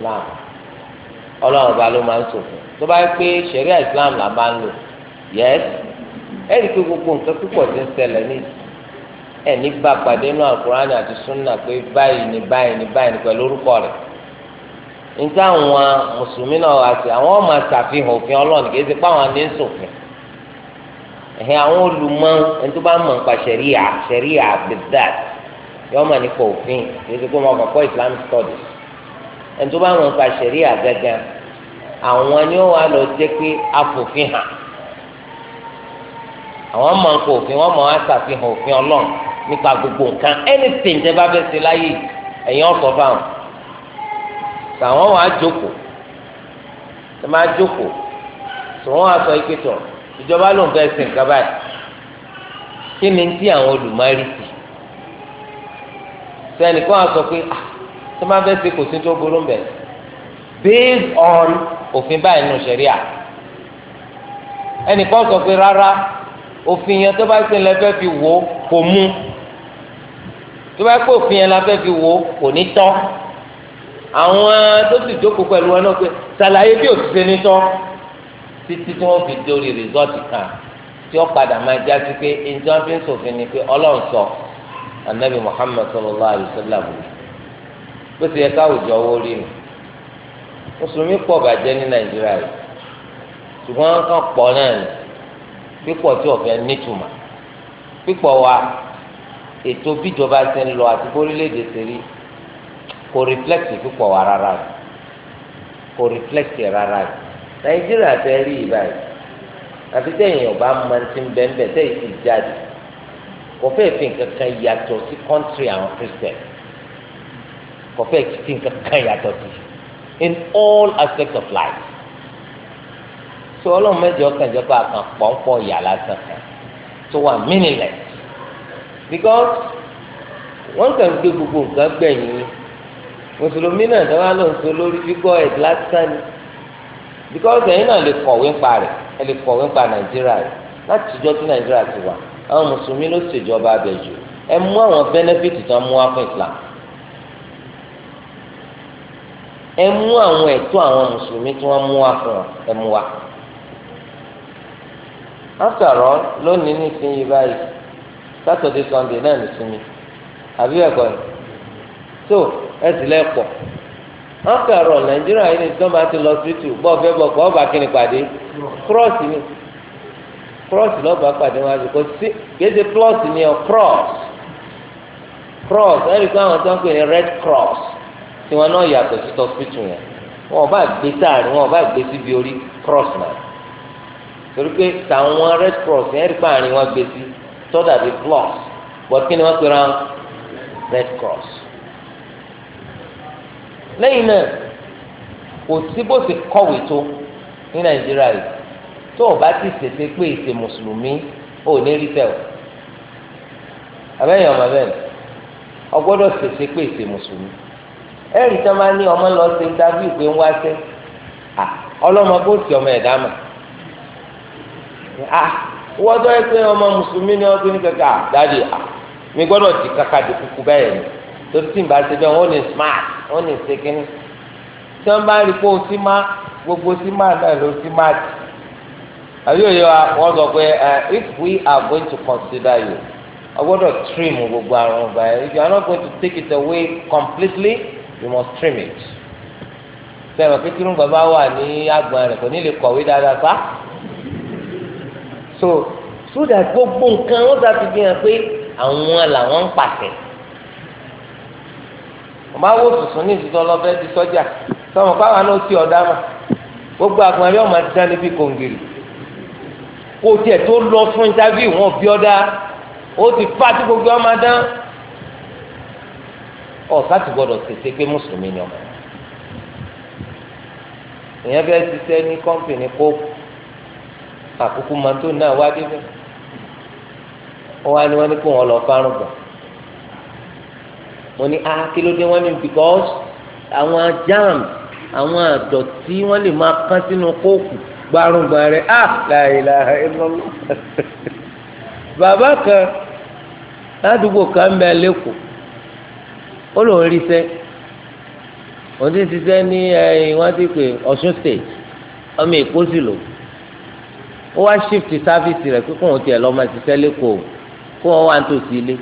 ọlọ́run ọba ló máa ń ṣòfin tó bá yẹ pé ṣẹ̀ríà islam là máa ń lò yẹ́s ẹ̀rí pé gbogbo nǹkan púpọ̀ ti ń ṣẹlẹ̀ ní ẹ̀ní bá pàdé inú àkùránì àti súnà pé báyìí ni báyìí ni báyìí ni pẹ̀lú orúkọ rẹ̀ níta àwọn mùsùlùmí náà wá sí àwọn ọmọ àṣàfihàn òfin ọlọ́run kì í ṣe pé àwọn ní ṣòfin ẹ̀hìn àwọn olùmọ̀ ẹni tó bá mọ̀ nípa ṣẹ̀ríà ṣẹ̀ríà bẹ̀dà yọ ọmọ nípa òfin kì í ṣe pé wọn kọ̀ Islamic studies ẹni tó bá wọn pa ṣẹ̀ríà gangan àwọn ni ó wà lọ jẹ́ pé afòfin hàn àwọn mọ̀ nǹkan òfin wọn mọ̀ á ṣàfihàn òfin ọlọ́run nípa gbogbo nǹkan anything tẹ́ bá fẹ́ ṣe láyé ẹ̀yin ọ̀sọ̀ fáwọn tàwọn wàá jókòó tẹ máa jókòó tí wọn wàá sọ ike tọ ìjọba ló ń fẹ́ sin nǹkan báyìí kí ni ti àwọn olùmọ̀rí sí sẹ́nìkan wàá sọ pé ah tó máa fẹ́ ṣe kò sí tó burú mbẹ based on òfin báyìí nù sẹ̀ríà ẹnìkan sọ pé rárá òfin yẹn tó bá ṣe lẹ fẹ́ fi wò kò mú tó bá pé òfin yẹn la fẹ́ fi wò kò ní tọ́ àwọn tó sì jókòó pẹ̀lú wọn náà pé ṣàlàyé bí òtítẹ́ ní tọ́ títí tí wọ́n fi dórí rìsọ́ọ̀tì kan tí ó padà máa já sí pé ìjọba fi ń ṣòfin ni pé ọlọ́run sọ anabi muhammed sallallahu alayhi wa bó ṣe yẹ káwùjọ owó rí nu mùsùlùmí pọ̀ bàjẹ́ ní nàìjíríà yìí ṣùgbọ́n kàn pọ̀ náà ni pípọ̀ tí ọ̀fẹ́ nítumọ̀ pípọ̀ wa ètò bíjọba ṣe ń lọ àti bórílẹ̀èdè ṣe rí kò rìflẹ́kìtì pípọ̀ wa rárá ni kò rìflẹ́kìtì rárá ni nàìjíríà tẹ rí ìbáyìí àfi tẹ̀yìn ọba máa ti ń bẹ́ẹ̀ bẹ́ẹ̀ tẹ̀yìn ti jáde kò fẹ́ẹ́ fi nǹkan kan yàtọ̀ sí kọ́ńtì àwọn kírísítẹ̀nì kò fẹ́ kí nǹkan kan yàtọ̀ sí in all aspects of life so ọlọ́run mẹ́jọ kan jẹ́ pé àkàn pọ̀npọ̀ yà lásán kan tó wà meaningless because wọ́n kàn gbé gbogbo nǹkan gbẹ̀yìn mùsùlùmí náà dáwà ló ń so lórí fígọ́ ẹ̀ lásán ni because ẹ̀yin náà lè kọ̀wé ńpa rẹ̀ ẹ̀ lè kọ̀wé ńpa nàìjíríà rẹ̀ láti ìjọ tí nàìjíríà ti wà àwọn mùsùlùmí ló ṣèjọba abẹ́jù ẹ mú àwọn benefit tán mú wá fún islam ẹ mú àwọn ẹ̀tọ́ àwọn mùsùlùmí tí wọ́n mú wa fún ọ ẹ mú wa. after all lónìí nísìnyí báyìí saturday sunday náà nísìnyí àbí ẹ̀kọ́ ni so ẹ sì lẹ́ pọ̀ after all nàìjíríà yìí ní sọ́mà ti lọ sí tù bọ́ọ̀ fẹ́ bọ̀ kọ́ ọ̀bà kìnnì pàdé cross ni cross lọ́ba pàdé wọn àti kò sí gbèsè plus ni ọ cross cross ẹ̀rí pé àwọn tó ń pè ní red cross tiwọn náà yàtọ̀ sí tọ́sítù yẹn wọn ò bá gbé sáàrin wọn ò bá gbé síbi orí cross náà torí pé tàwọn red cross yẹn rí pààrin wọn gbé sí tọ́dà bíi plus bọ́ kí ni wọ́n pera red cross. lẹ́yìn náà kò sí bó ti kọ̀wé tó ní nàìjíríà yìí tó o bá ti ṣèṣe pé ìṣe mùsùlùmí ò ní rí tẹ̀ o abẹ́yẹn ọmọ bẹ́ẹ̀ o gbọ́dọ̀ pé ìṣe mùsùlùmí ẹ̀rí tí wọ́n bá ní ọmọ lọ sí interview pé ń wá sẹ́ ọlọ́mọ kò sí ọmọ ẹ̀dá mà wọ́n tọ́ ẹ pé ọmọ mùsùlùmí ni wọ́n ti ní kẹ́kẹ́ àdáde mi gbọ́dọ̀ di kàkà di kúkú bẹ́ẹ̀ ni tó tí ń bá ṣe bẹ́ẹ̀ wọ́n ní smart wọ́n ní ṣèkínní tí wọ́n bá rí pé o sí má gbogbo sí má náà ló sí má tì àbí òye wa wọ́n sọ pé eh, if we are going to consider you a gbọ́dọ̀ trim gbogbo àrùn ọgbà yẹn if you are not going to take it away completely you must trim it sẹ́wọ̀n pé kírun bàbá wà ní àgbọ̀n rẹ̀ kò ní lè kọ̀wé dáadáa fa so so that gbogbo nǹkan wọ́n dà fi hàn pé àwọn làwọn ń pàṣẹ wọ́n bá wò sùsùn ní ìsúsọ lọ́fẹ́ di sọ́jà sọmọ káwa náà ti ọ̀dá mà gbogbo àgbọ̀n rẹ̀ ọ̀ma dídá níbi kòǹgìrì kó tiẹ̀ tó lọ fún interview wọn bí ọ̀dá ó ti fà tí gbogbo ọ̀ma dán ọ̀sá ti gbọ́dọ̀ ṣèṣe pé mùsùlùmí ni ọmọ èèyàn fẹ́ ṣiṣẹ́ ní kọ́mpìnì kó àkókò máa tó náà wá débẹ̀ wọ́n wá ní wọ́n ní kó wọn lọ fárùn gbà wọ́n ní akílódé ah, wọ́n ní because àwọn jam àwọn àdọ̀tí wọ́n lè máa kán sínú kóòkù gbárùngbà rẹ̀ á láìláà ìlọ́lọ́ bàbá kan ládùúgbò kan bẹ́ẹ̀ lẹ́kọ̀ọ́ ó lóun rí sẹ́ òun ti ṣiṣẹ́ ní wọ́n ti pè Ọ̀ṣun state ọmọ èkó sì lò ó wá shift service. rẹ̀ kíkọ́ òun tiẹ̀ lọ́ọ́ máa ṣiṣẹ́ lẹ́kọ̀ọ́ kó wọn wá ń tòsí ilé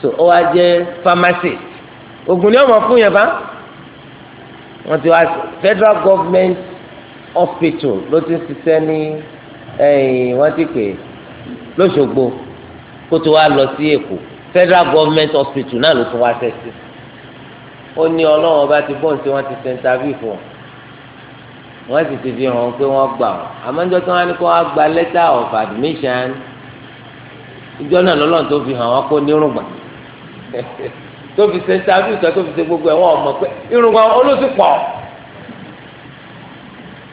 so ó wá jẹ́ pharmacist oògùn ni ọmọ fún yẹn bá wọ́n ti wá federal government hospital ló ti ṣiṣẹ́ ní wọ́n ti pè lóṣogbo kó tó wá lọ sí èkó. Si federal government hospital náà ló tún wá sẹ́sì ó ní ọlọ́run ọba ti bọ́ọ̀n tí wọ́n ti ṣe interview fún ọ wọ́n sì ti fi hàn pé wọ́n gbà ọ́ àmọ́jọ́ tí wọ́n ní kó wọ́n gba letter of admission ìjọ náà lọ́lọ́run tó fi hàn wọ́n kó nírùngbà tó fi ṣe interview tó fi ṣe gbogbo ẹ̀ wọ́n mọ̀ pé irùngbà olóṣù pọ̀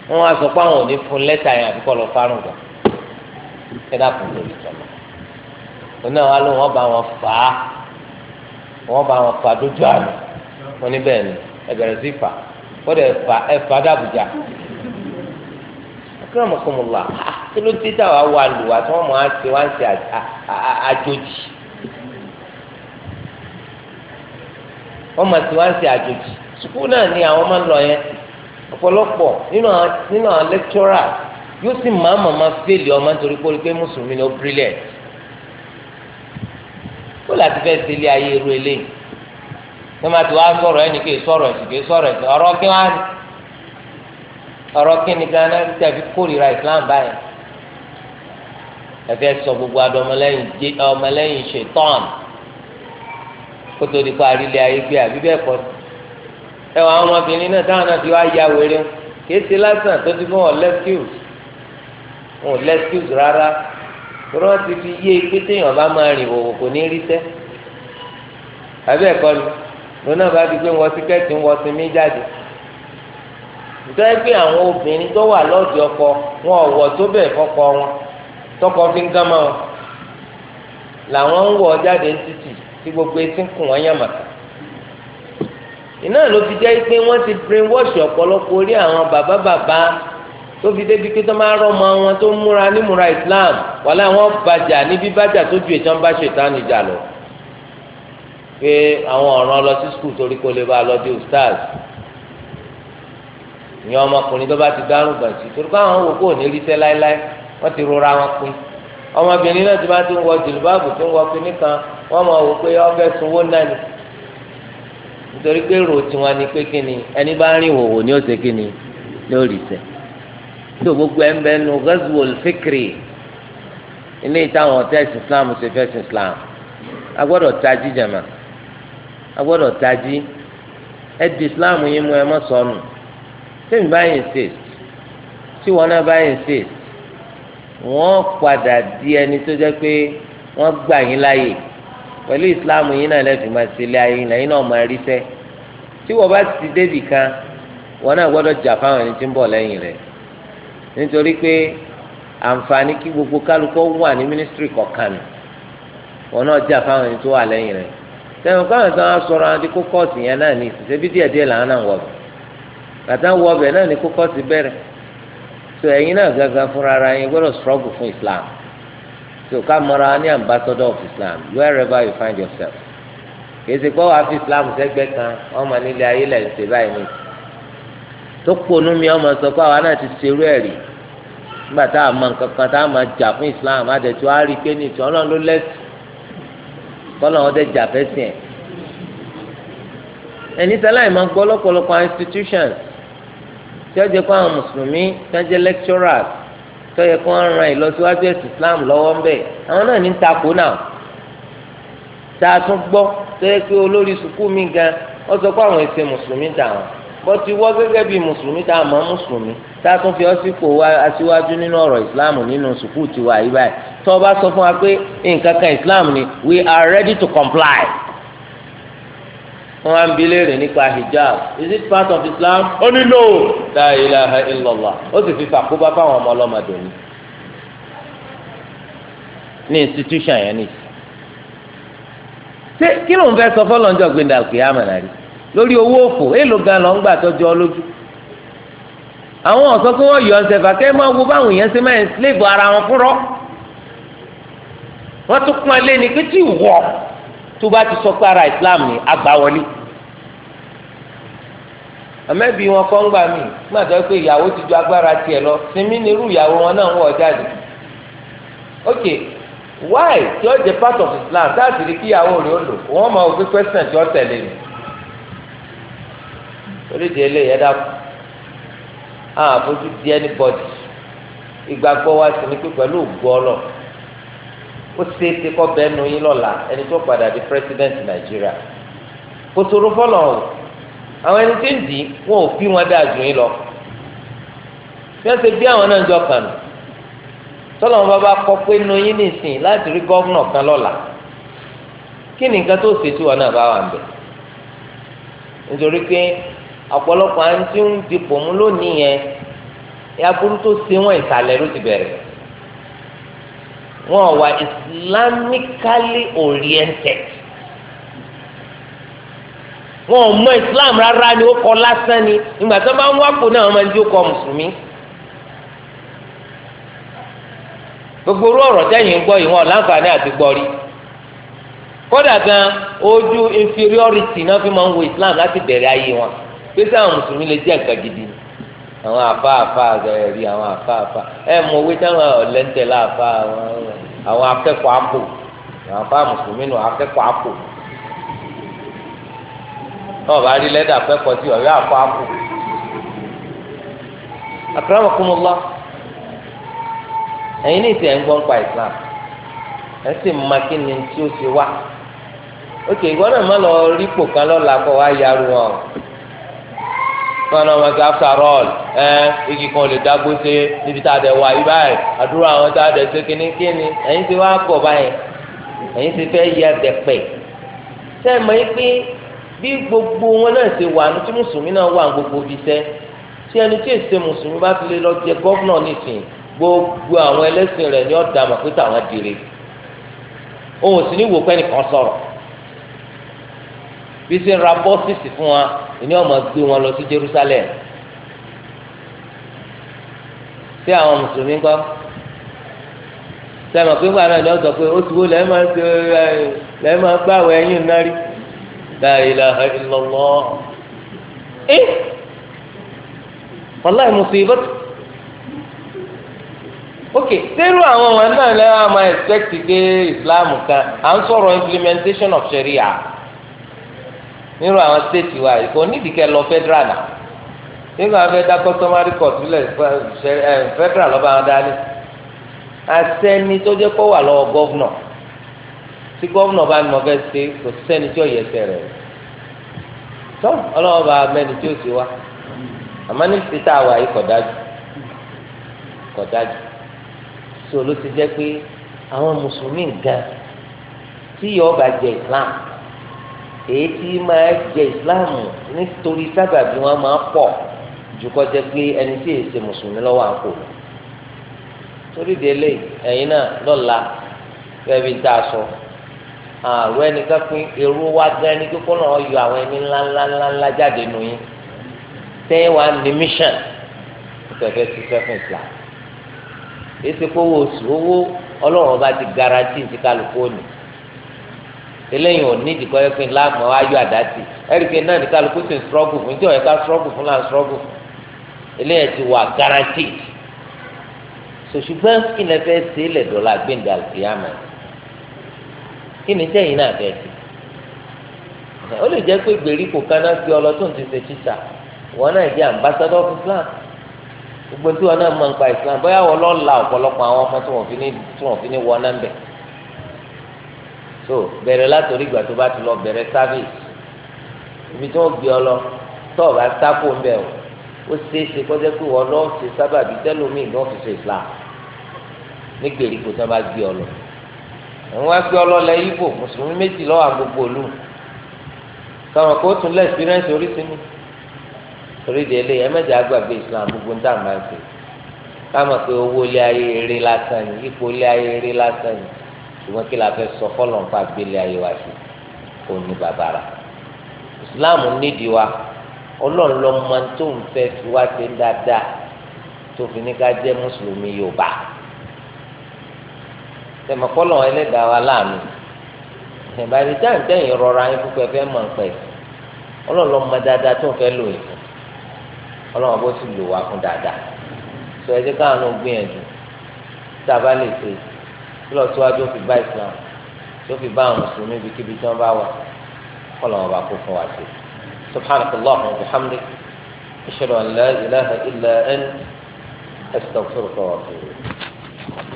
wọ́n á sọ pé àwọn ò ní fún letter yẹn àbíkọ́ lọ fárùngbà ẹ lórí ìjọba oní àwọn alóhùn wọn bá wọn fà á wọn bá wọn fà dójú àná wọn ní bẹ́ẹ̀ ni ẹbẹ̀rẹ̀ sí fà kọ́dọ̀ ẹ̀fà ẹ̀fà dàbújá akérè ọmọkùnrin la kí ló dé dà wá wà lù wá tí wọ́n mọ̀ á ti wá ń ṣe àjòjì wọ́n mọ̀ ti wá ń ṣe àjòjì sukuu náà ni àwọn máa ń lọ yẹn ọ̀pọ̀lọpọ̀ nínú àwọn nínú àwọn lecturers yóò sì máa mọ̀ máa fẹ́lì ọmọ nítorí pé mùsùlùmí ni ó brilliant ó láti fẹ́ sílé ayé irú eléyìí tó máa ti wá sọ̀rọ̀ ẹni kì í sọ̀rọ̀ ẹ̀sìn kì í sọ̀rọ̀ ẹ̀sìn ọ̀rọ̀ kí wá ní ọ̀rọ̀ kí ni gánà tẹ̀fi kórìíra Islam báyìí ẹ̀fẹ́ sọ gbogbo adé ọmọlẹ́yìn ṣetán kótó di pa àrílẹ̀ ayé gbé àbí bẹ́ẹ̀ kọ́ ẹ wọ àwọn ọmọbìnrin náà táwọn náà ti wá ya wéré kéésì lásán tó ti fún wọn lẹ́skíùs wọn lẹ́skíùs rárá tọ́lá wọn ti fi yé e pé téèyàn bá máa rìn wòwò kò ní rí sẹ́ àbẹ́ ẹ̀kọ́ ni lónà bá di pé wọ́n tíkẹ́ẹ̀tì ń wọ́n sinmi jáde nítorí pé àwọn obìnrin tó wà lọ́ọ̀dì ọkọ wọn ọ̀wọ́ tó bẹ̀ fọ́kọ wọn tọkọ fi ń gán mọ́ wọn làwọn ń wọ jáde ń títì tí gbogbo etí ń kùn wọ́n yàmàkà iná ló fi jẹ́ pé wọ́n ti brainwash ọ̀pọ̀lọpọ̀ orí àwọn bàbá bàbá tó fi débi pé tó máa rọmọ wọn tó múra nímúra islam wàhálà wọn bàjà níbi bàjà tó ju ètò ọba ṣètánù ìjà lọ pé àwọn ọ̀ràn lọ sí skul torí kó lè bá a lọ dé ustaz ìyẹn ọmọkùnrin tó bá ti dárò bàtì torí pé àwọn wò kó ní ríṣẹ́ láéláé wọ́n ti rora wọn pin ọmọbìnrin náà ti bá ti ń wọ jìlúbáàbù tó ń wọ pin nìkan wọ́n mọ̀ wò pé ọ̀fẹ́ sunwó náà ni nítorí pé èrò tiwọn ni pé kíni ẹni bá rìn wòwò ni tó gbogbo ẹ̀ ń bẹ nu ghazwul fikri ilé ìtàwọn ọ̀tá ẹ̀sìn islam ṣe fẹ́ sin islam agbọ́dọ̀ tají jama agbọ́dọ̀ tají ẹ di islam yín mu ẹ má sọnù tẹ́mi bá insist tí wọn náà bá insist wọ́n padà di ẹni tó jẹ́ pé wọ́n gbà yín láàyè pẹ̀lú islam yín náà lẹ́fì máa ṣe ilé ayé lẹ́yìn náà máa rí sẹ́ tí wọ́n bá ti débì kan wọn náà gbọ́dọ̀ jà fáwọn ẹni tí ń bọ̀ lẹ́yìn rẹ̀ nítorí pé àǹfààní kí gbogbo kálukọ wà ní mínísítírì kọ̀ọ̀kan ni wọn náà jà fáwọn ẹni tó wà lẹ́yìn rẹ̀ sẹ́wọ̀n káwọn tó wá sọ̀rọ̀ àwọn adikó kọ́ọ̀sì yẹn náà ní ìsìsẹ́ bí díẹ̀ díẹ̀ làwọn náà wọ̀ bẹ̀ bàtà wọ̀ bẹ̀ náà ní kó bẹ̀rẹ̀ so ẹ̀yin náà gangan fúnra ara yín gbọ́dọ̀ struggle fún Islam so ká mọ́ra ní ambassador of Islam wherever you find yourself kèsì pé wàá fi Islam sẹ́gbẹ́ kan ọmọ nílé ayé lẹ́yìn ṣe báyìí tó kponu mi ọmọ sọ pé àwa náà ti serú ẹ̀ nígbà tá a mọ nǹkan fún Islam adẹ̀tú á pé ní ìtàn ọlọ́run ló lẹ́sìn ẹ̀ ẹni tẹ́lẹ̀ máa gbọ́ lọ́pọ̀lọpọ̀ institutions tí ó mùsùlùmí tí wọ́n jẹ́ lecturers tí ó yẹ kó wọ́n Islam lọ́wọ́ ń bẹ̀ àwọn náà ní ń takò náà tá a tún gbọ́ tó mùsùlùmí dà bó ti wọ́ gẹ́gẹ́ bíi mùsùlùmí tá a mọ̀ mùsùlùmí tá a tún fi ọ́ sípò wá aṣíwájú nínú ọ̀rọ̀ ìsìláàmù nínú sùkúù tiwa yìí báyìí tó o bá sọ fún wa pé nǹkan kan ìsìláàmù ni we are ready to comply. wọ́n á ń bi léèrè nípa hijab is it part of Islam? ó ní no la ilaha illallah ó sì fi fàkóbá fáwọn ọmọ ọlọ́mọdé ni ní institution yẹn ni. ṣé kí ló ń fẹ́ sọ fọ́lọ́ ń jọ gbẹ̀dẹ̀ àkùyà mọ̀ náà rí? lórí owó òfò èèlò gan lọ ń gbà tọjú ọ lójú àwọn ọ̀sọ́ pé wọ́n yọ ọ̀sẹ̀ fàkẹ́ máa wo báwọn èèyàn ṣe máa ń sílẹ̀bù ara wọn fúnrọ́ wọ́n tún pọn lé ní pé tí wọ́ tó bá ti sọ pé ara Islam ni àgbà wọlé àmẹ́bí wọn kọ́ ń gbà mí nígbà tó pé ìyàwó ti ju agbára tiẹ̀ lọ sinmi ní irú ìyàwó wọn náà ń wọ̀ jáde ok why tí ó jẹ part of Islam táàtì rí kíyàwó rẹ̀ ó lò wọ́n máa wò pé question tí ó tẹ̀lé mi. oríṣi eléyìí ẹ̀dá àfojú di ẹnibọdì ìgbàgbọ́ wa sì ní pé pẹ̀lú ògbó ọlọ ó ṣe é ti kọ́ bẹ́ẹ̀ nu yín lọ́la ẹni tó padà di president nàìjíríà kò fọlọ o àwọn ẹni tí ń dì í wọn ò fi wọn dáa jù yín lọ bí wọn ṣe bí àwọn náà ń jọ tọ́lọ̀ wọn bá bá kọ́ pé nu kan lọ́la kí ni tó ṣètò wọn náà ọ̀pọ̀lọpọ̀ à ń tí ń dipò mú lónìí yẹn aburú tó ṣe wọn ìsàlẹ̀ ló ti bẹ̀rẹ̀ wọn wà islamically oriented wọn ò mọ islam rárá ni ó kọ lásán ni ìgbà tó bá ń wápò náà wọn máa ń di ó kọ mùsùlùmí gbogbo orú ọ̀rọ̀ tẹ́yìn ń gbọ́ yìí wọn ò láǹfààní àti gbọ́ kódà gan ojú inferiority náà fi máa ń wo islam láti bẹ̀rẹ̀ ayé wọn pèsè àwọn mùsùlùmí lè jẹ́ nǹkan gidi àwọn àfa àfa rẹ̀ rí àwọn àfa àfa ẹ̀ mọ owó táwọn ọ̀lẹ́ńtẹ̀ láàfa àwọn akẹ́kọ̀ọ́ àpò àwọn àfa mùsùlùmí nù akẹ́kọ̀ọ́ àpò náà bá rí lẹ́dà kẹ́kọ̀ọ́ sí ọ̀rẹ́ àfa àpò. akramakumullah ẹ̀yin ní ìsìn ẹ̀ ń gbọ́ nípa Islam ẹ̀ sì máa kí ni tí ó ṣe wá. Ok, ìgbọ́n náà má lọ rí pò kan lọ́la kọ́ wá yarú wọn o wọn náà wọn sọ after all ẹ igi kan lè dágbó ṣe níbi tá a dẹ̀ wá yí báyìí àdúrà àwọn tá a dẹ̀ ṣe kíní kíni ẹ̀yin ti wá pọ̀ báyìí ẹ̀yin ti fẹ́ yẹ dẹ̀pẹ̀ sẹ́ẹ̀mọ̀ yìí pé bí gbogbo wọn náà ṣe wà ní tí mùsùlùmí náà wà gbogbo ibi iṣẹ́ tí ẹni tí èsè mùsùlùmí bá ti lè lọ jẹ gọ́vnọ̀ nìsín gbogbo àwọn ẹlẹ́sìn rẹ̀ ni ọ̀dà mọ̀ pé tàwọn òun sì ní wò pẹ́ẹ́nì kan sọ̀rọ̀ bí ṣe ń ra bọ́sìsì fún wa ìní ọmọ gbé wọn lọ sí Jerusalem sí àwọn mùsùlùmí kọ́ sẹ́mi pé ńgbà náà ni wọ́n sọ pé ó ti wo lẹ́yìn máa ń ṣe lẹ́yìn máa ń gbàwé ẹ̀yìn náà rí la ilaha illallah ẹ wàláì mùsùlùmí ok sẹ́rù àwọn ọmọ náà lẹ́yìn máa expect pé Islam kan à ń sọ̀rọ̀ implementation of Sharia nírú àwọn stéètì wa yìí kò nídìí kẹ lọ federal náà nígbà wọn fẹ́ dá customary court sílẹ̀ federal lọ́ba wọn dání asẹ́ni tó jẹ́ kó wà lọ́wọ́ gọ́vnọ̀ tí gọ́vnọ̀ bá nọ fẹ́ ṣe kò sẹ́ni tí ò yẹ ẹsẹ̀ rẹ̀ tó ọlọ́wọ́ bá mẹ́ni tí ò sí wa àmọ́ ní ti tá a wà yìí kọ̀ dájú kọ̀ dájú so ló ti jẹ́ pé àwọn mùsùlùmí gan tí yọ̀ọ́ bá jẹ Islam èyí tí máa jẹ ìsìláàmù nítorí sábàbí wọn máa pọ̀ ju kó jẹ́ pé ẹni tí èsì mùsùlùmí lọ́wọ́ àpò torí délé ẹ̀yin náà lọ́la fẹ́ẹ́ fi dá a sọ àrùn ẹnìkan pín èrò wa gan ni kíkọ́ náà yọ àwọn ẹni ńláńláńlá jáde nù yín tẹ́yìn wa ní mission ti sẹ́fún ìsìláàmù èsì kówó oṣù owó ọlọ́run ọba ti garanti ti kálukú òní eléyìí ò ní ìdíkọ́ ẹ̀fín láàmú ayọ̀ àdásí ẹ̀ríkẹ́ náà ní kálukú sì ń strọ́gù fún tí ọ̀yẹ́ ká strọ́gù fún là ń fún eléyìí ti wà guaranteed sòṣùgbọ́n kí lẹ fẹ́ ṣe lẹ́dọ̀ọ́lá gbẹ̀ǹdà kìámà kí ni sẹ́yìn náà fẹ́ ṣe ó lè jẹ́ pé gbèríko kaná fi ọlọ́tún ti ṣe tíṣà wọn náà jẹ́ ambassador of Islam gbogbo tí wọn náà mọ̀ nípa Islam bóyá wọn lọ́ọ́ la ọ̀pọ̀lọpọ̀ àwọn ọmọ tí wọ́n fi ní wọ́n náà bẹ̀ẹ́ so bẹ̀rẹ̀ látòrí ìgbà tó bá ti lọ bẹ̀rẹ̀ sáfìsì ibi tí wọ́n gbé ọ lọ tó o bá sáko ń bẹ̀ o ó ṣeéṣe kọjá pé wọ́n lọ́ọ́ ṣe sábàbí tẹ́lómìn ní ọ́fíìsì Islam ní gbèríko tí wọ́n bá gbé ọ lọ àwọn wá ọ lọ lẹ Ìgbò mùsùlùmí méjì lọ́wọ́ àgbogbo òlu káwọn kó tún lẹ́ experience oríṣiríṣi torí de ilé ẹ̀mẹ́jẹ̀ àgbàgbé Islam gbogbo ń dà máa ń ṣe káwọn pé owó ilé ayé eré lásán ni ipò ilé ayé eré lásán ni ṣùgbọ́n kí la fẹ́ sọ fọlọ́ nípa gbélé ayé wa sí òní bàbá rà ìsìláàmù nídìí wa ọlọ́run ló mọ tó ń fẹ́ fi wá ṣe ń dáadáa tó fi ní ká jẹ́ mùsùlùmí yorùbá tẹmọkọlọ ẹlẹ́dàá wa láàánú ìbàdí tá à ń tẹ̀yìn rọra yín púpọ̀ fẹ́ mọ̀ pẹ̀ ọlọ́run ló mọ dáadáa tó ń fẹ́ lò yín fún ọlọ́run bó sì lò wá fún dáadáa sọ ẹ jẹ́ káwọn náà gbìyànjú tá a bá lè ṣe kí lọ́ọ́ síwájú ó fi bá islam tí ó fi bá àwọn mùsùlùmí ibi kíbi tí wọ́n bá wà kọ́ lọ́wọ́ bá kó fún wa sí. سبحانك اللهم وبحمدك أشهد أن لا إله إلا أنت أستغفرك وأتوب إليك